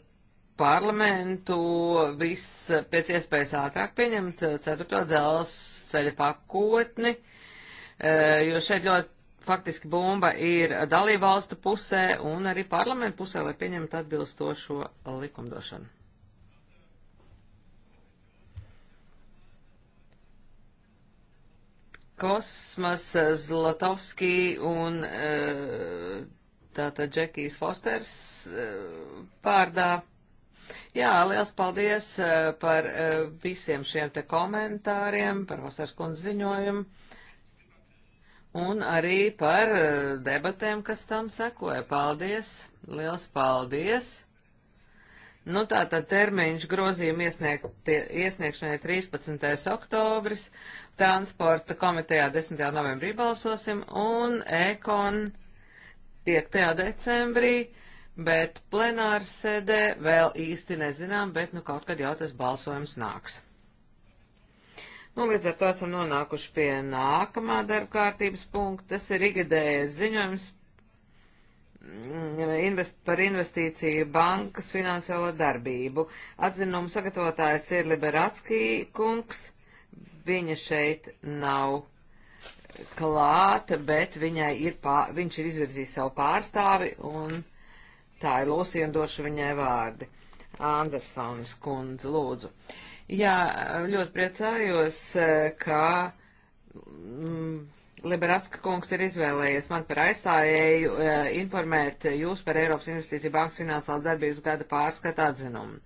parlamentu viss pēc iespējas ātrāk pieņemt eh, ceturto dzelzceļa pakotni, uh, jo šeit ļoti faktiski bumba ir dalībvalstu pusē un arī parlamentu pusē, lai pieņemtu atbilstošo likumdošanu. Kosmas Zlatovski un eh, tātad Džekijs Fosters eh, pārdā. Jā, liels paldies eh, par visiem šiem te komentāriem, par Fosters kundzi ziņojumu un arī par debatēm, kas tam sekoja. Paldies! Liels paldies! Nu, tātad termiņš grozījuma iesniegšanai 13. oktobris, transporta komitejā 10. novembrī balsosim un ekon 5. decembrī, bet plenāra sēdē vēl īsti nezinām, bet nu kaut kad jau tas balsojums nāks. Nu, līdz ar to esam nonākuši pie nākamā darbkārtības punkta, tas ir igadējais ziņojums invest, par investīciju bankas finansiālo darbību. Atzinumu sagatavotājs ir Liberatskī kungs, viņa šeit nav klāta, bet viņai ir pār, viņš ir izvirzījis savu pārstāvi un tā ir Lūsija un došu viņai vārdi. Andersons kundze, lūdzu. Jā, ļoti priecājos, ka mm, Liberatska kungs ir izvēlējies man par aizstājēju e, informēt jūs par Eiropas Investīcija bankas finansiāla darbības gada pārskatu atzinumu.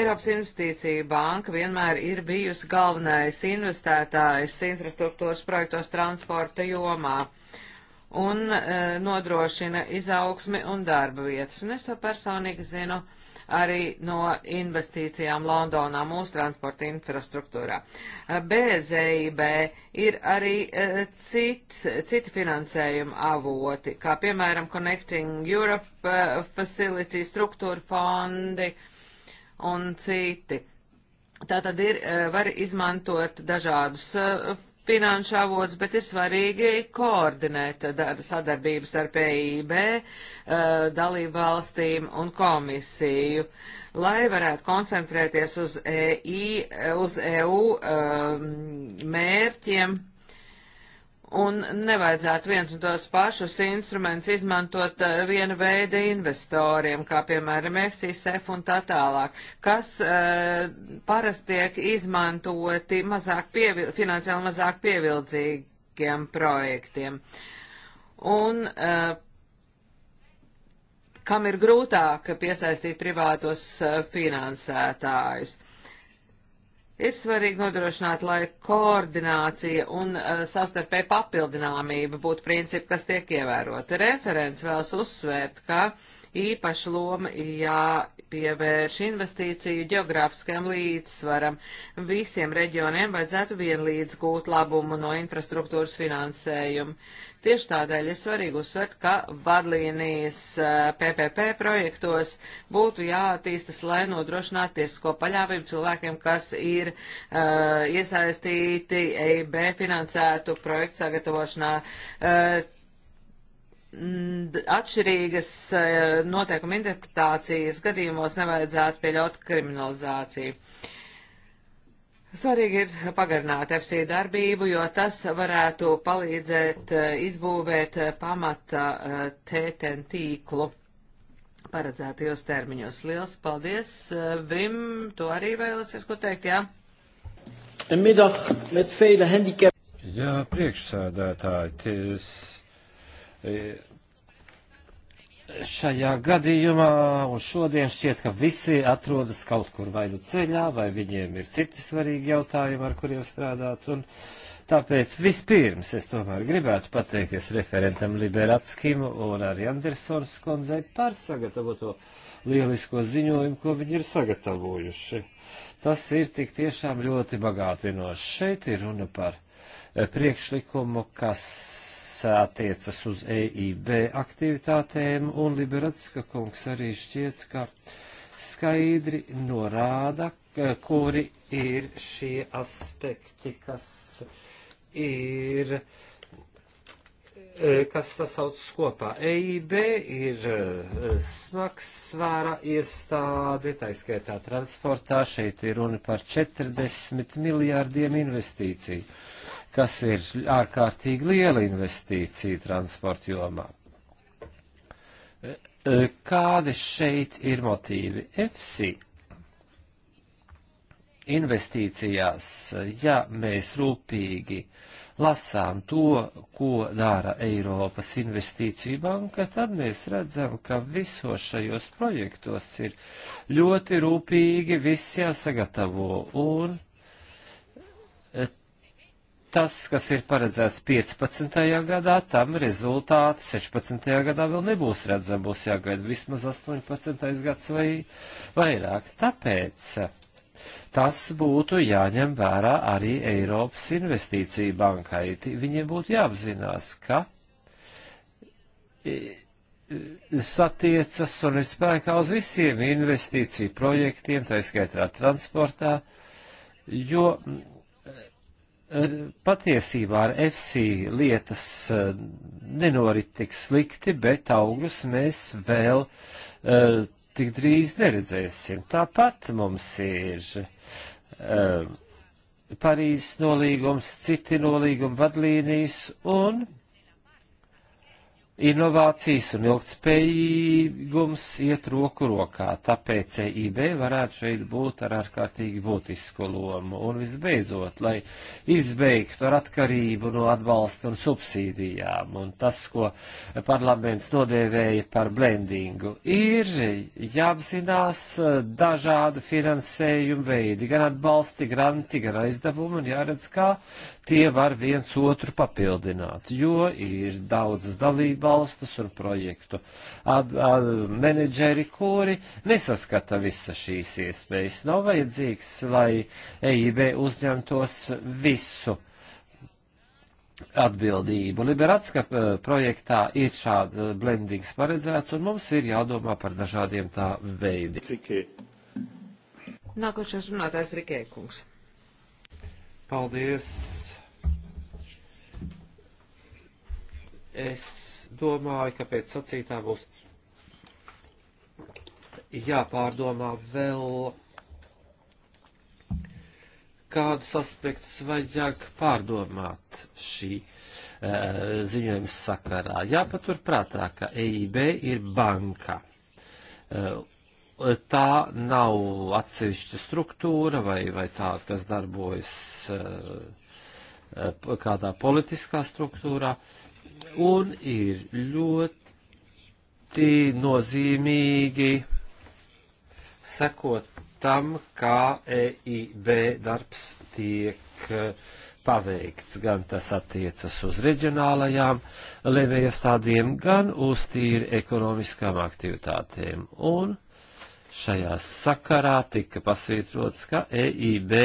Eiropas Investīcija banka vienmēr ir bijusi galvenais investētājs infrastruktūras projektos transporta jomā un e, nodrošina izaugsmi un darba vietas. Un es to personīgi zinu. E, arī no investīcijām Londonā mūsu transporta infrastruktūrā. BZIB ir arī e, cits, citi finansējuma avoti, kā piemēram Connecting Europe e, Facility, struktūra fondi un citi. Tātad ir, e, var izmantot dažādus finanšu avots, bet ir svarīgi koordinēt sadarbību starp EIB, eh, dalību valstīm un komisiju, lai varētu koncentrēties uz, EI, uz EU eh, mērķiem un nevajadzētu viens un tos pašus instrumentus izmantot eh, viena veida investoriem, kā piemēram FCSF un tā tālāk, kas uh, parasti tiek izmantoti mazāk pievil, finansiāli mazāk pievilcīgiem projektiem. Un uh, kam ir grūtāk piesaistīt privātos finansētājus. Ir svarīgi nodrošināt, lai koordinācija un uh, savstarpēji papildināmība būtu principi, kas tiek ievēroti. Referents vēlas uzsvērt, ka īpaša loma jāpievērš investīciju geogrāfiskajam līdzsvaram. Visiem reģioniem vajadzētu vienlīdz gūt labumu no infrastruktūras finansējuma. Uh, Tieši tādēļ ir svarīgi uzsvērt, ka vadlīnijas PPP eh, projektos būtu jātīstas, lai nodrošinātu tiesisko paļāvību cilvēkiem, kas ir uh, iesaistīti EIB finansētu projektu sagatavošanā. Uh, atšķirīgas noteikuma interpretācijas gadījumos nevajadzētu pieļaut kriminalizāciju. Svarīgi ir pagarināt FC darbību, jo tas varētu palīdzēt eh, izbūvēt eh, pamata eh, tēten tīklu paredzētajos termiņos. Liels paldies, Vim, tu arī vēlasies ko teikt, jā? Middag met vele handicap. Jā, priekšsēdētāji, tis, šajā gadījumā, un šodien šķiet, ka visi atrodas kaut kur vai nu ceļā, vai viņiem ir citi svarīgi jautājumi, ar kuriem strādāt, un tāpēc vispirms es tomēr gribētu pateikties referentam Liberatskam un arī Andersons kundzei par sagatavoto lielisko ziņojumu, ko viņi ir sagatavojuši. Tas ir tik tiešām ļoti bagātinoši. Šeit ir runa par eh, priekšlikumu, kas attiecas uz EIB aktivitātēm, un Liberatska kungs arī šķiet, ka skaidri norāda, kuri ir šie aspekti, kas ir kas sasaucas kopā. EIB ir eh, smags svāra iestāde, taiskaitā transportā, šeit ir runa par 40 miljārdiem investīciju kas ir ārkārtīgi liela investīcija transporta jomā. E, kādi šeit ir motīvi? EFSI investīcijās, ja mēs rūpīgi lasām to, ko dara Eiropas investīciju banka, tad mēs redzam, ka visos šajos projektos ir ļoti rūpīgi viss jāsagatavo un tas, kas ir paredzēts 15. gadā, tam rezultāti 16. gadā vēl nebūs redzami, būs jāgaida vismaz 18. gads vai vairāk. Tāpēc tas būtu jāņem vērā arī Eiropas investīcija bankai. Viņiem būtu jāapzinās, ka satiecas un ir spēkā uz visiem investīciju projektiem, tā skaitā transportā, jo Eh, patiesībā ar FC lietas eh, nenorit tik slikti, bet augļus mēs vēl uh, tik drīz neredzēsim. Tāpat mums ir uh, Parīzes nolīgums, citi nolīguma vadlīnijas un inovācijas un ilgtspējīgums iet roku rokā, tāpēc EIB varētu šeit būt ar ārkārtīgi būtisku lomu. Un visbeidzot, lai izbeigtu ar atkarību no atbalsta un subsīdijām, un tas, ko parlaments nodēvēja par blendingu, ir jāapzinās dažādu finansējumu veidi, gan atbalsti, granti, gan aizdevumi, un jāredz, kā tie var viens otru papildināt, jo ir daudzas dalībās, valstis un projektu ad, ad, menedžeri, kuri nesaskata visas šīs iespējas. Nav vajadzīgs, lai EIB uzņemtos visu atbildību. Liberatska e, projektā ir šāds e, blendings paredzēts, un mums ir jādomā par dažādiem tā veidiem. Nākošais runātājs Rikēkungs. Paldies! Es domāju, ka pēc sacītā būs jāpārdomā vēl, kādus aspektus vajag pārdomāt šī uh, ziņojuma sakarā. Jāpaturprātā, ka EIB ir banka. Uh, tā nav atsevišķa struktūra vai, vai tāda, kas darbojas uh, kādā politiskā struktūrā. Uh, Un ir ļoti nozīmīgi sekot tam, kā EIB darbs tiek eh, paveikts. Gan tas attiecas uz reģionālajām lēmējastādiem, gan uz tīri ekonomiskām aktivitātēm. Un šajā sakarā tika pasvītrots, ka EIB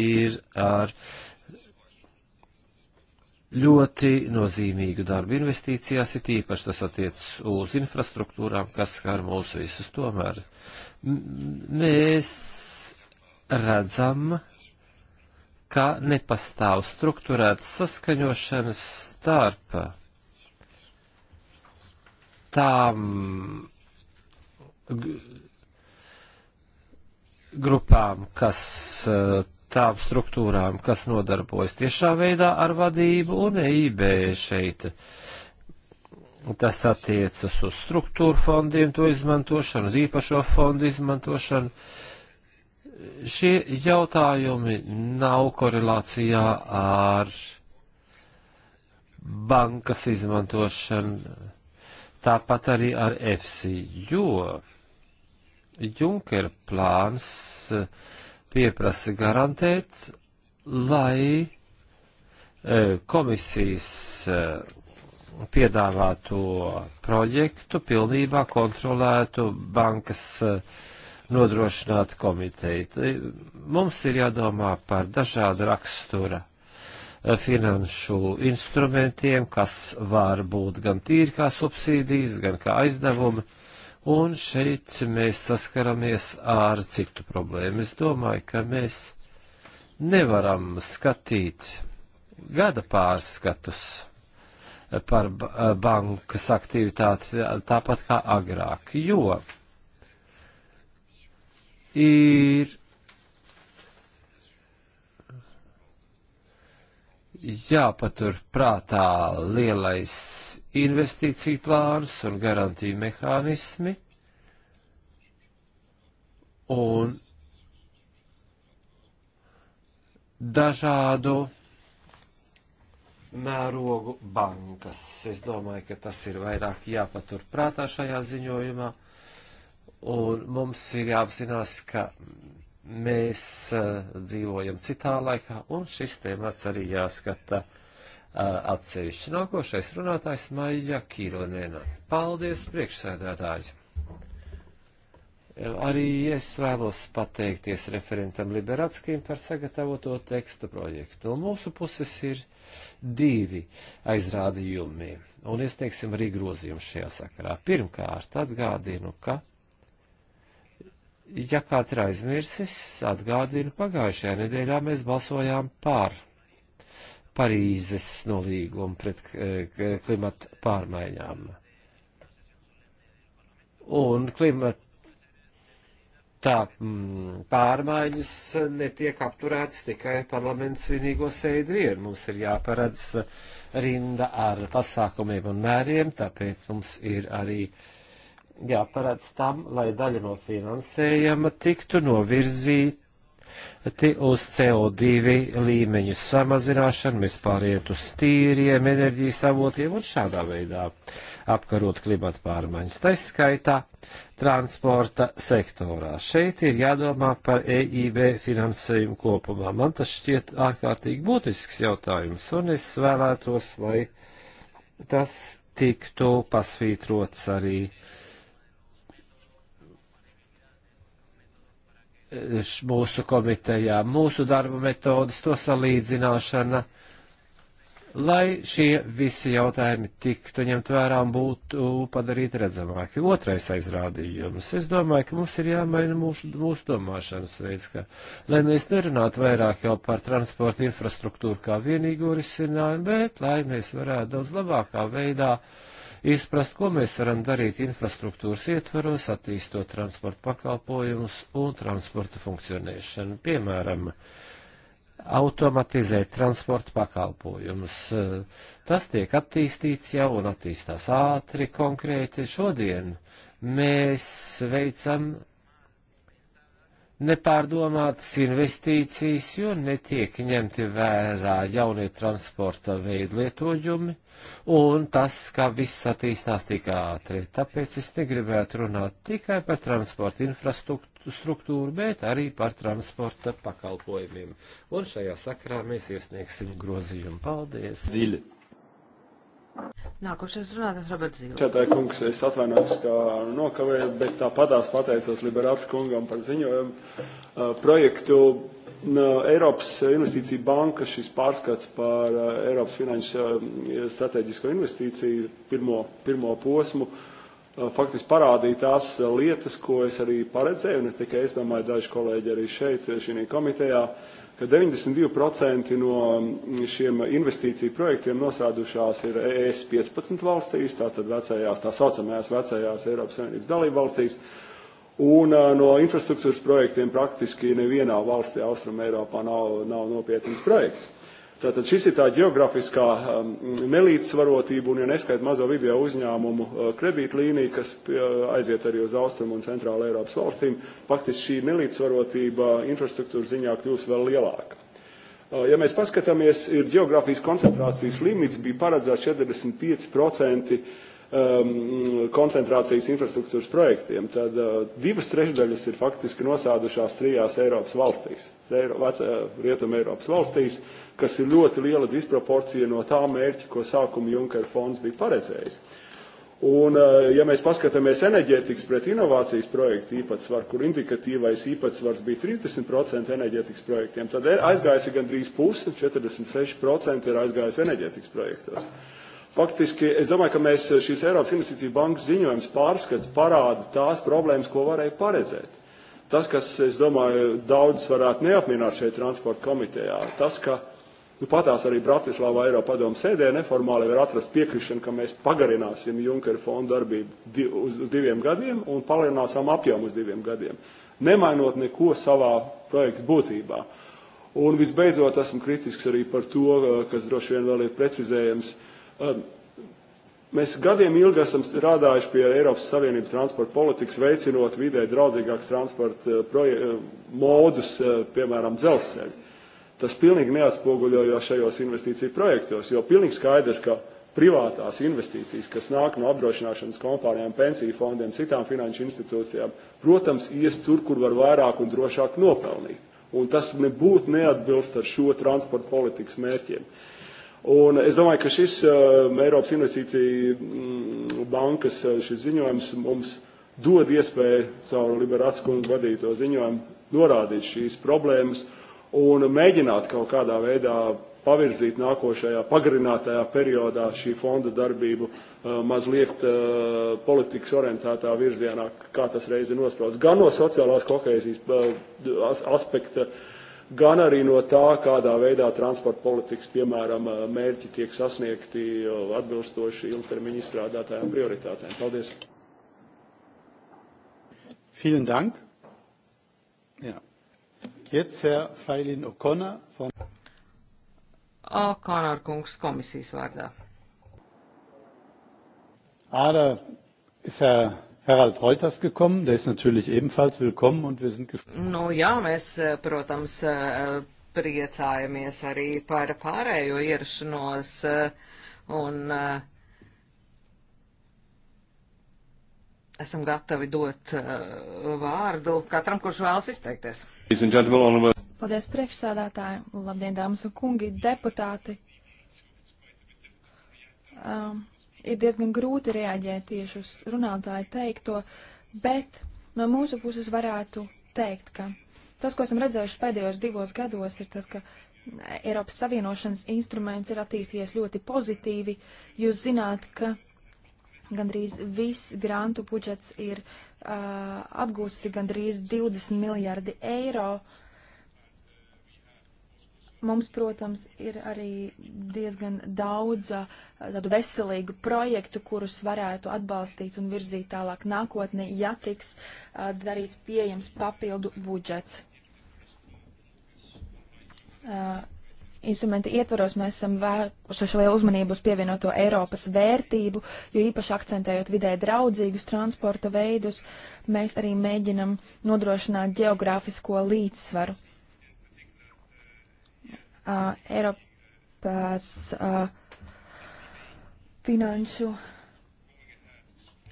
ir ar ļoti nozīmīgu darbu investīcijās, ir tīpaši tas attiec uz infrastruktūrām, kas skar mūs visus tomēr. M mēs redzam, ka nepastāv strukturēta saskaņošanas starp tām grupām, kas uh, tām struktūrām, kas nodarbojas tiešā veidā ar vadību un EIB šeit. Tas attiecas uz struktūru fondiem, to izmantošanu, uz īpašo fondu izmantošanu. Šie jautājumi nav korelācijā ar bankas izmantošanu, tāpat arī ar EFSI, jo Junker plāns uh, pieprasa garantēt, lai e, komisijas e, piedāvāto projektu pilnībā kontrolētu bankas e, nodrošināta komiteja. Mums ir jādomā par dažādu rakstura finanšu instrumentiem, kas var būt gan tīri kā subsīdijas, gan kā aizdevumi. Uh, Un šeit mēs saskaramies ar citu problēmu. Es domāju, ka mēs nevaram skatīt gada pārskatus par bankas aktivitāti tāpat kā agrāk, jo ir jāpatur prātā lielais investīciju plāns un garantiju mehānismi. Un dažādu mērogu bankas. Es domāju, ka tas ir vairāk jāpatur prātā šajā ziņojumā, un mums ir jāapzinās, ka Mēs eh, dzīvojam citā laikā, un šis temats arī jāskata eh, atsevišķi. Nākošais runātājs Maija Kīronēna. Paldies, priekšsēdētāji! Arī es vēlos pateikties referentam Liberatskijam par sagatavoto teksta projektu. No mūsu puses ir divi aizrādījumi, un iesniegsim arī grozījumu šajā sakarā. Pirmkārt, atgādinu, ka ja kāds ir aizmirsis, atgādinu, pagājušajā nedēļā mēs balsojām par Parīzes nolīgumu pret eh, klimata pārmaiņām. Un klimata mm, pārmaiņas netiek apturētas tikai parlaments vienīgo sēdi vien. Mums ir jāparedz rinda ar pasākumiem un mēriem, tāpēc mums ir arī uh, jāparāds tam, lai daļa no finansējuma tiktu novirzīti uz CO2 līmeņu samazināšanu, mēs pāriet uz tīriem enerģijas avotiem un šādā veidā apkarot klimata pārmaiņas. Tā skaitā transporta sektorā. Šeit ir jādomā par EIB finansējumu kopumā. Man tas šķiet ārkārtīgi būtisks jautājums, un es vēlētos, lai tas tiktu pasvītrots arī uh, mūsu komitejā, mūsu darba metodas, to salīdzināšana, lai šie visi jautājumi tiktu ņemt vērā un būtu padarīti redzamāki. Otrais aizrādījums. Es domāju, ka mums ir jāmaina mūsu, mūsu domāšanas veids, ka, lai mēs nerunātu vairāk jau par transporta infrastruktūru kā vienīgo risinājumu, bet lai mēs varētu daudz labākā veidā uh, izprast, ko mēs varam darīt infrastruktūras ietveros, attīstot transporta pakalpojumus un transporta funkcionēšanu. Piemēram, automatizēt transporta pakalpojumus. Tas tiek attīstīts jau un attīstās ātri, konkrēti šodien. Mēs veicam nepārdomātas investīcijas, jo netiek ņemti vērā jaunie transporta veidu lietojumi, un tas, kā viss attīstās tik ātri. Tāpēc es negribētu runāt tikai par transporta infrastruktūru, bet arī par transporta pakalpojumiem. Un šajā sakrā mēs iesniegsim grozījumu. Paldies! Zili. Nākošais runātājs Roberts Zīle. Četāja kungs, es atvainojos, ka nokavēju, bet tāpatās pateicos Liberāts kungam par ziņojumu uh, projektu. Uh, Eiropas investīcija banka šis pārskats par uh, Eiropas finanšu strateģisko investīciju pirmo, pirmo posmu faktiski parādīja tās lietas, ko es arī paredzēju, un es tikai es domāju, daži kolēģi arī šeit, šī komitejā. Uh, ka 92% no mm, šiem investīciju projektiem nosēdušās ir ES 15 valstīs, tātad vecajās, tā saucamajās vecajās Eiropas Savienības dalību valstīs, un no infrastruktūras projektiem praktiski nevienā valstī Austrum Eiropā nav, nav nopietnas projekts. Tātad šis ir tā geogrāfiskā um, nelīdzsvarotība, un ja neskaita mazo video uzņēmumu uh, kredītlīniju, kas pie, uh, aiziet arī uz Austrumu un Centrāla Eiropas valstīm, faktiski šī nelīdzsvarotība infrastruktūra ziņā kļūs vēl lielāka. Uh, ja mēs paskatāmies, ir geogrāfijas koncentrācijas limits bija paredzēts 45% um, koncentrācijas infrastruktūras projektiem, tad uh, divas trešdaļas ir faktiski nosādušās trijās Eiropas valstīs, Eiro, vecā, Rietuma Eiropas valstīs, kas ir ļoti liela disproporcija no tā mērķa, ko sākuma Junkera fonds bija paredzējis. Un, uh, ja mēs paskatāmies enerģētikas pret inovācijas projektu īpatsvaru, kur indikatīvais īpatsvars bija 30% enerģētikas projektiem, tad aizgājusi gandrīz puse, 46% ir aizgājusi enerģētikas projektos. Uh, Faktiski es domāju, ka mēs eh, šīs Eiropas Investīcija bankas ziņojums pārskats parāda tās problēmas, ko varēja paredzēt. Tas, kas, es domāju, daudz varētu neapmienāt šeit transporta komitejā, tas, ka nu, patās arī Bratislava Eiropa padomu sēdē neformāli var atrast piekrišanu, ka mēs pagarināsim Junkera fondu darbību di uz, uz diviem gadiem un palielināsim apjomu uz diviem gadiem, nemainot neko savā projekta būtībā. Un visbeidzot, esmu kritisks arī par to, eh, kas droši vien vēl ir precizējams, uh, Um, mēs gadiem ilgi esam strādājuši pie Eiropas Savienības transporta politikas, veicinot vidē draudzīgākus transporta uh, uh, modus, uh, piemēram, dzelzceļu. Tas pilnīgi neatspoguļojās šajos investīciju projektos, jo pilnīgi skaidrs, ka privātās investīcijas, kas nāk no apdrošināšanas kompānijām, pensiju fondiem, citām finanšu institūcijām, protams, ies tur, kur var vairāk un drošāk nopelnīt. Un tas nebūtu neatbilst ar šo transporta politikas mērķiem. Uh, Un es domāju, ka šis uh, Eiropas investīcija mm, bankas uh, šis ziņojums mums dod iespēju caur Liberāts kungu vadīto ziņojumu norādīt šīs problēmas un mēģināt kaut kādā veidā pavirzīt nākošajā pagarinātajā periodā šī fonda darbību uh, mazliet uh, politikas orientētā virzienā, kā tas reizi nospraudz, gan no sociālās kohēzijas uh, aspekta, uh, gan arī no tā, kādā veidā transporta politikas, piemēram, mērķi tiek sasniegti atbilstoši ilgtermiņa izstrādātājām prioritātēm. Paldies! Vielen Dank. Ja. Jetzt Herr Feilin O'Connor von O'Connor kungs komisijas vārdā. Ada, is a Harald Reuters gekommen, der ist natürlich ebenfalls willkommen und wir sind gespannt. Nu, jā, mēs, eh, protams, eh, priecājamies arī par pārējo ierašanos eh, un esam gatavi dot vārdu katram, kurš vēlas izteikties. Paldies priekšsādātāji, labdien, dāmas un kungi, deputāti. Um, ir diezgan grūti reaģēt tieši uz runātāju teikto, bet no mūsu puses varētu teikt, ka tas, ko esam redzējuši pēdējos divos gados, ir tas, ka Eiropas Savienošanas instruments ir attīstījies ļoti pozitīvi. Jūs zināt, ka gandrīz viss grantu budžets ir uh, apgūstis gandrīz 20 miljardi eiro. Uh, Mums, protams, ir arī diezgan daudz tādu veselīgu projektu, kurus varētu atbalstīt un virzīt tālāk nākotnē, ja tiks darīts pieejams papildu budžets. Uh, instrumenta ietvaros mēs esam vērsuši lielu uzmanību uz pievienoto Eiropas vērtību, jo īpaši akcentējot vidē draudzīgus transporta veidus, mēs arī mēģinam nodrošināt geogrāfisko līdzsvaru. Uh, uh, Eiropas uh, finanšu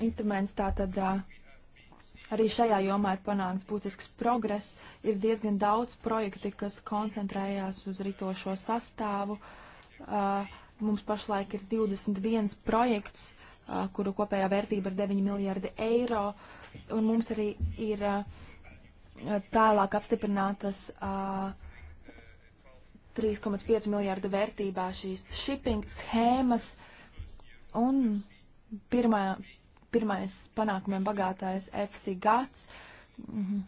instruments. Tātad uh, arī šajā jomā ir panākts būtisks progress. Ir diezgan daudz projekti, kas koncentrējās uz ritošo sastāvu. Uh, mums pašlaik ir 21 projekts, uh, kuru kopējā vērtība ir 9 miljardi eiro, un mums arī ir uh, tālāk apstiprinātas uh, 3,5 miljārdu vērtībā šīs shipping schēmas un pirmā, pirmais panākumiem bagātājs FC gads mhm.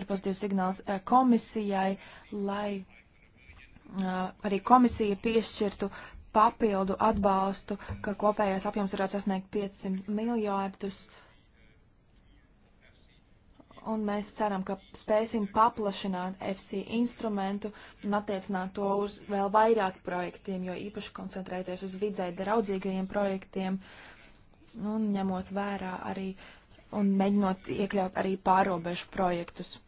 ir pozitīvs signāls eh, komisijai, lai eh, arī komisija piešķirtu papildu atbalstu, ka kopējais apjoms varētu sasniegt 500 miljārdus. Uh, un mēs ceram, ka spēsim paplašināt FC instrumentu un attiecināt to uz vēl vairāk projektiem, jo īpaši koncentrēties uz vidzē draudzīgajiem projektiem un ņemot vērā arī un mēģinot iekļaut arī pārobežu projektus.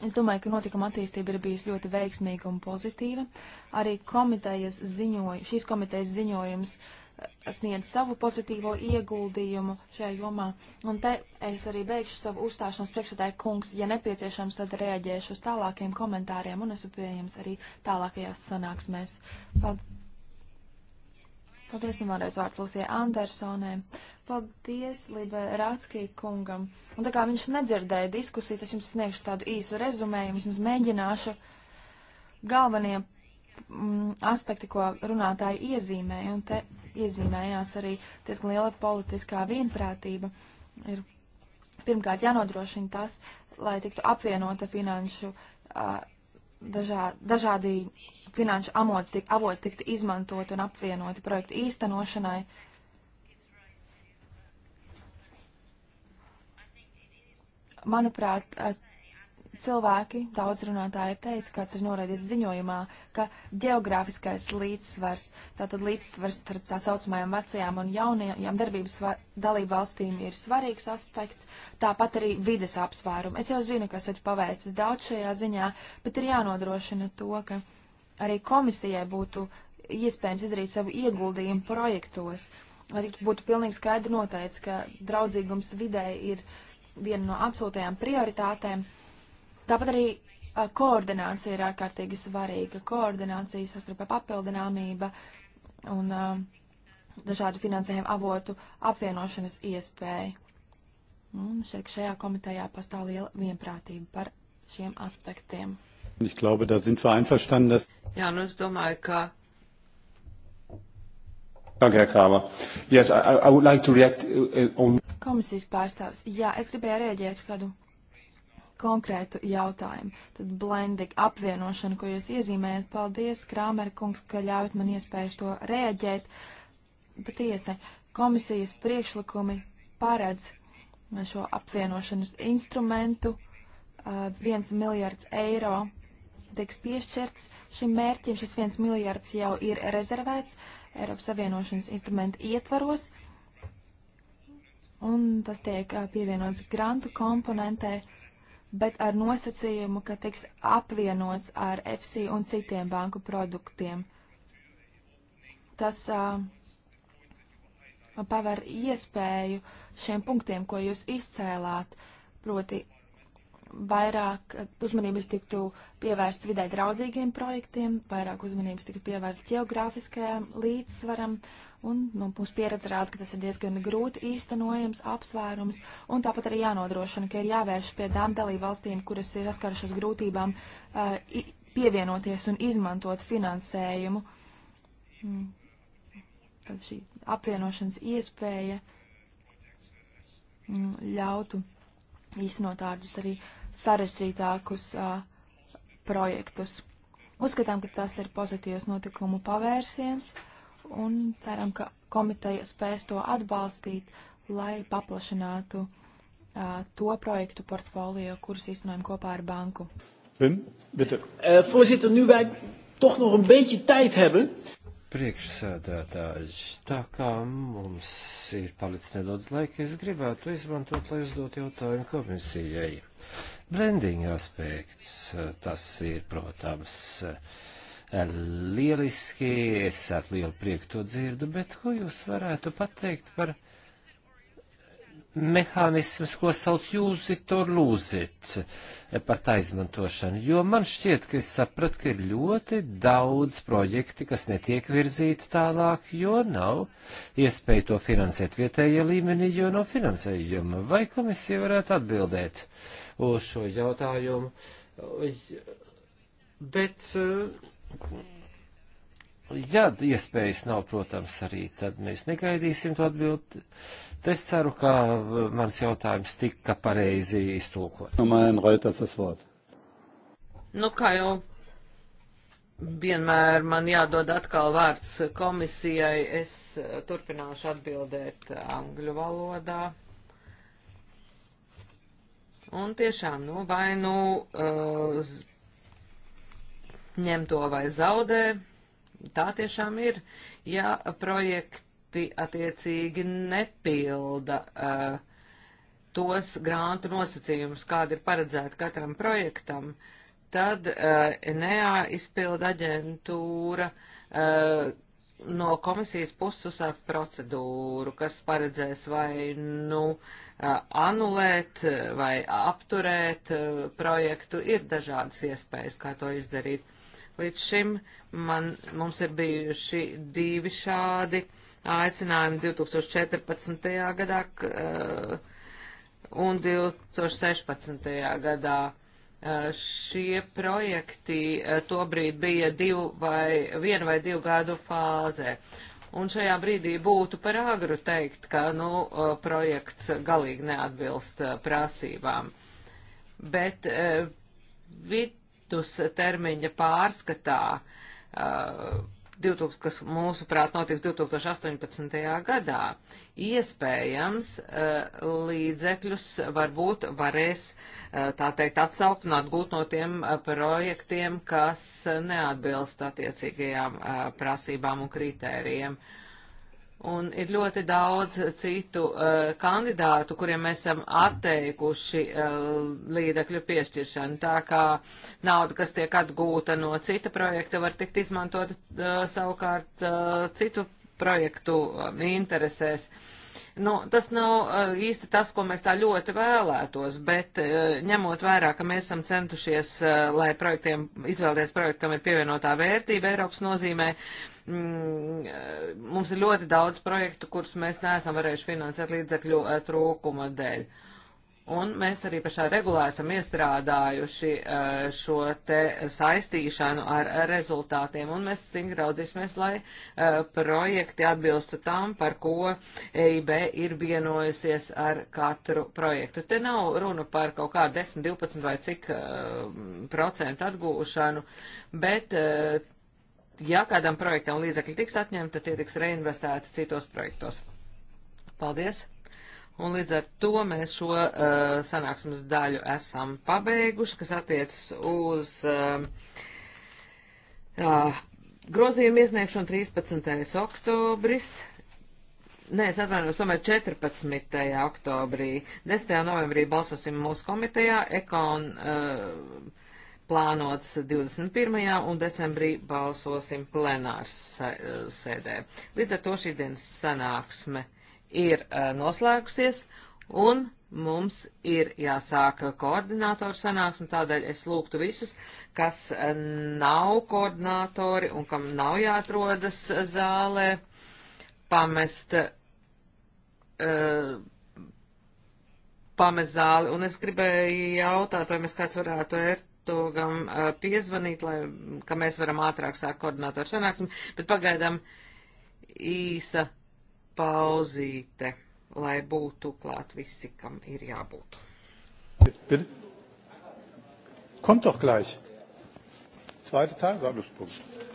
Es domāju, ka notikuma attīstība ir bijusi ļoti veiksmīga un pozitīva. Arī komitejas ziņoj, šīs komitejas ziņojums uh, sniedz savu pozitīvo ieguldījumu šajā jomā. Un te es arī beigšu savu uzstāšanos priekšsēdēju kungs, ja nepieciešams, tad reaģēšu uz tālākiem komentāriem un esmu pieejams arī tālākajās sanāksmēs. Paldies, un vēlreiz vārds Lūsie Andersonē. Paldies, Libe Rāckī kungam. Un tā kā viņš nedzirdēja diskusiju, es jums sniegšu tādu īsu rezumējumu, vismaz mēģināšu galvenie mm, aspekti, ko runātāji iezīmēja, un te iezīmējās arī diezgan liela politiskā vienprātība. Ir pirmkārt jānodrošina tas, lai tiktu apvienota finanšu, uh, dažā, dažādi finanšu amoti, avoti tiktu izmantoti un apvienoti projektu īstenošanai. Manuprāt, uh, cilvēki, daudz runātāji teica, kāds ir norādīts ziņojumā, ka geogrāfiskais līdzsvars, tātad līdzsvars starp tā saucamajām vecajām un jaunajām darbības dalību valstīm ir svarīgs aspekts, tāpat arī vides apsvērumi. Es jau zinu, ka esat paveicis daudz šajā ziņā, bet ir jānodrošina to, ka arī komisijai būtu iespējams izdarīt savu ieguldījumu projektos. Arī būtu pilnīgi skaidri noteicis, ka draudzīgums vidē ir viena no absolūtajām prioritātēm. Uh, Tāpat arī a, koordinācija ir ārkārtīgi svarīga. Koordinācija, sastarpē papildināmība un a, dažādu finansējumu avotu apvienošanas iespēja. Un šeit šajā komitejā pastāv liela vienprātība par šiem aspektiem. Ich glaube, da sind wir einverstanden, dass... Jā, nu es domāju, ka Komisijas pārstāvs. Jā, es gribēju rēģēt kādu konkrētu jautājumu. Tad blending apvienošana, ko jūs iezīmējat, paldies, Krāmer kungs, ka ļaujat man iespēju to reaģēt. Patiesi, komisijas priekšlikumi paredz šo apvienošanas instrumentu. Uh, viens miljards eiro tiks piešķirts šim mērķim. Šis viens miljards jau ir rezervēts Eiropas Savienošanas instrumenta ietvaros. Un tas tiek uh, pievienots grantu komponentē, uh, bet ar nosacījumu, ka tiks apvienots ar FC un citiem banku produktiem. Tas uh, paver iespēju šiem punktiem, ko jūs izcēlāt, proti vairāk uzmanības tiktu pievērsts vidē draudzīgiem projektiem, vairāk uzmanības tiktu pievērsts geogrāfiskajam līdzsvaram un nu, mūsu pieredze rāda, ka tas ir diezgan grūti īstenojams apsvērums, un tāpat arī jānodrošina, ka ir jāvēršas pie tām dalībvalstīm, kuras ir saskārušas grūtībām uh, pievienoties un izmantot finansējumu. Mm. Tad šī apvienošanas iespēja mm, ļautu īstenot tādus arī sarežģītākus uh, projektus. Uzskatām, ka tas ir pozitīvs notikumu pavērsiens. Uh, un ceram, ka komiteja spēs to atbalstīt, lai paplašinātu uh, to projektu portfolio, kurus īstenojam kopā ar banku. Wim, bitte. Uh, voorzitter, nu wij toch nog een beetje tijd hebben. Priekšsēdētājs, tā kā mums ir palicis nedaudz laika, es gribētu izmantot, lai uzdot jautājumu komisijai. Blending aspekts, tas ir, protams, uh, lieliski, es ar lielu prieku to dzirdu, bet ko jūs varētu pateikt par mehānismus, ko sauc jūzit or lūzit par tā izmantošanu, jo man šķiet, ka es sapratu, ka ir ļoti daudz projekti, kas netiek virzīti tālāk, jo nav iespēja to finansēt vietējā līmenī, jo nav finansējuma. Vai komisija varētu atbildēt uz šo jautājumu? Bet uh, Ja iespējas nav, protams, arī tad mēs negaidīsim to atbildi. Es ceru, ka mans jautājums tika pareizi iztūkots. Nu, nu, kā jau vienmēr man jādod atkal vārds komisijai, es turpināšu atbildēt angļu valodā. Un tiešām, nu, vai nu uh, ņem to vai zaudē. Tā tiešām ir, ja projekti attiecīgi nepilda uh, tos grāntu nosacījumus, kādi ir paredzēti katram projektam, tad uh, eh, NEA izpilda aģentūra uh, no komisijas puses uzsākt procedūru, kas paredzēs vai nu anulēt vai apturēt projektu. Ir dažādas iespējas, kā to izdarīt. Līdz šim man, mums ir bijuši divi šādi aicinājumi 2014. gadā eh, un 2016. gadā. Eh, šie projekti eh, tobrīd bija divu vai, vienu vai divu gadu fāzē. Un šajā brīdī būtu par agru teikt, ka nu, projekts galīgi neatbilst prasībām. Bet vid, citus termiņa pārskatā, uh, 2000, kas mūsuprāt notiks 2018. gadā. Iespējams, uh, līdzekļus varbūt varēs, uh, tā teikt, atsaukt un atgūt no tiem uh, projektiem, kas neatbilst attiecīgajām uh, prasībām un kritērijiem. Uh, Un ir ļoti daudz citu uh, kandidātu, kuriem mēs esam atteikuši uh, līdzekļu piešķiršanu. Tā kā nauda, kas tiek atgūta no cita projekta, var tikt izmantot uh, savukārt uh, citu projektu um, interesēs. Nu, tas nav uh, īsti tas, ko mēs tā ļoti vēlētos, bet uh, ņemot vērā, ka mēs esam centušies, uh, lai projektiem, izvēlēties projektam ir pievienotā vērtība Eiropas nozīmē, uh, mm, eh, mums ir ļoti daudz projektu, kurus mēs neesam varējuši finansēt līdzekļu eh, trūkuma dēļ. Un mēs arī pašā regulā esam iestrādājuši eh, šo te saistīšanu ar rezultātiem, un mēs stingri raudzīsimies, lai projekti atbilstu tam, par ko EIB ir vienojusies ar katru projektu. Te nav runa par kaut kā 10, 12 vai cik procentu atgūšanu, bet ja kādam projektam līdzekļi tiks atņemti, tad tie tiks reinvestēti citos projektos. Paldies! Un līdz ar to mēs šo uh, sanāksmes daļu esam pabeiguši, kas attiecas uz uh, uh, grozījumu iesniegšanu 13. oktobris. Nē, es atvainojos, tomēr 14. oktobrī. 10. novembrī balsosim mūsu komitejā. Ekon uh, plānots 21. un decembrī balsosim plenārs eh, sēdē. Līdz ar to šī dienas sanāksme ir eh, noslēgusies un mums ir jāsāk koordinātoru sanāksme, tādēļ es lūgtu visus, kas eh, nav koordinātori un kam nav jāatrodas zālē, pamest. Uh, pamest zāli, un es gribēju jautāt, vai mēs kāds varētu ērt Ertogam eh, piezvanīt, lai, ka mēs varam ātrāk sākt koordinātoru sanāksmi, bet pagaidām īsa pauzīte, lai būtu klāt visi, kam ir jābūt. Bitte? Kommt doch gleich. Zweite Tagesordnungspunkt.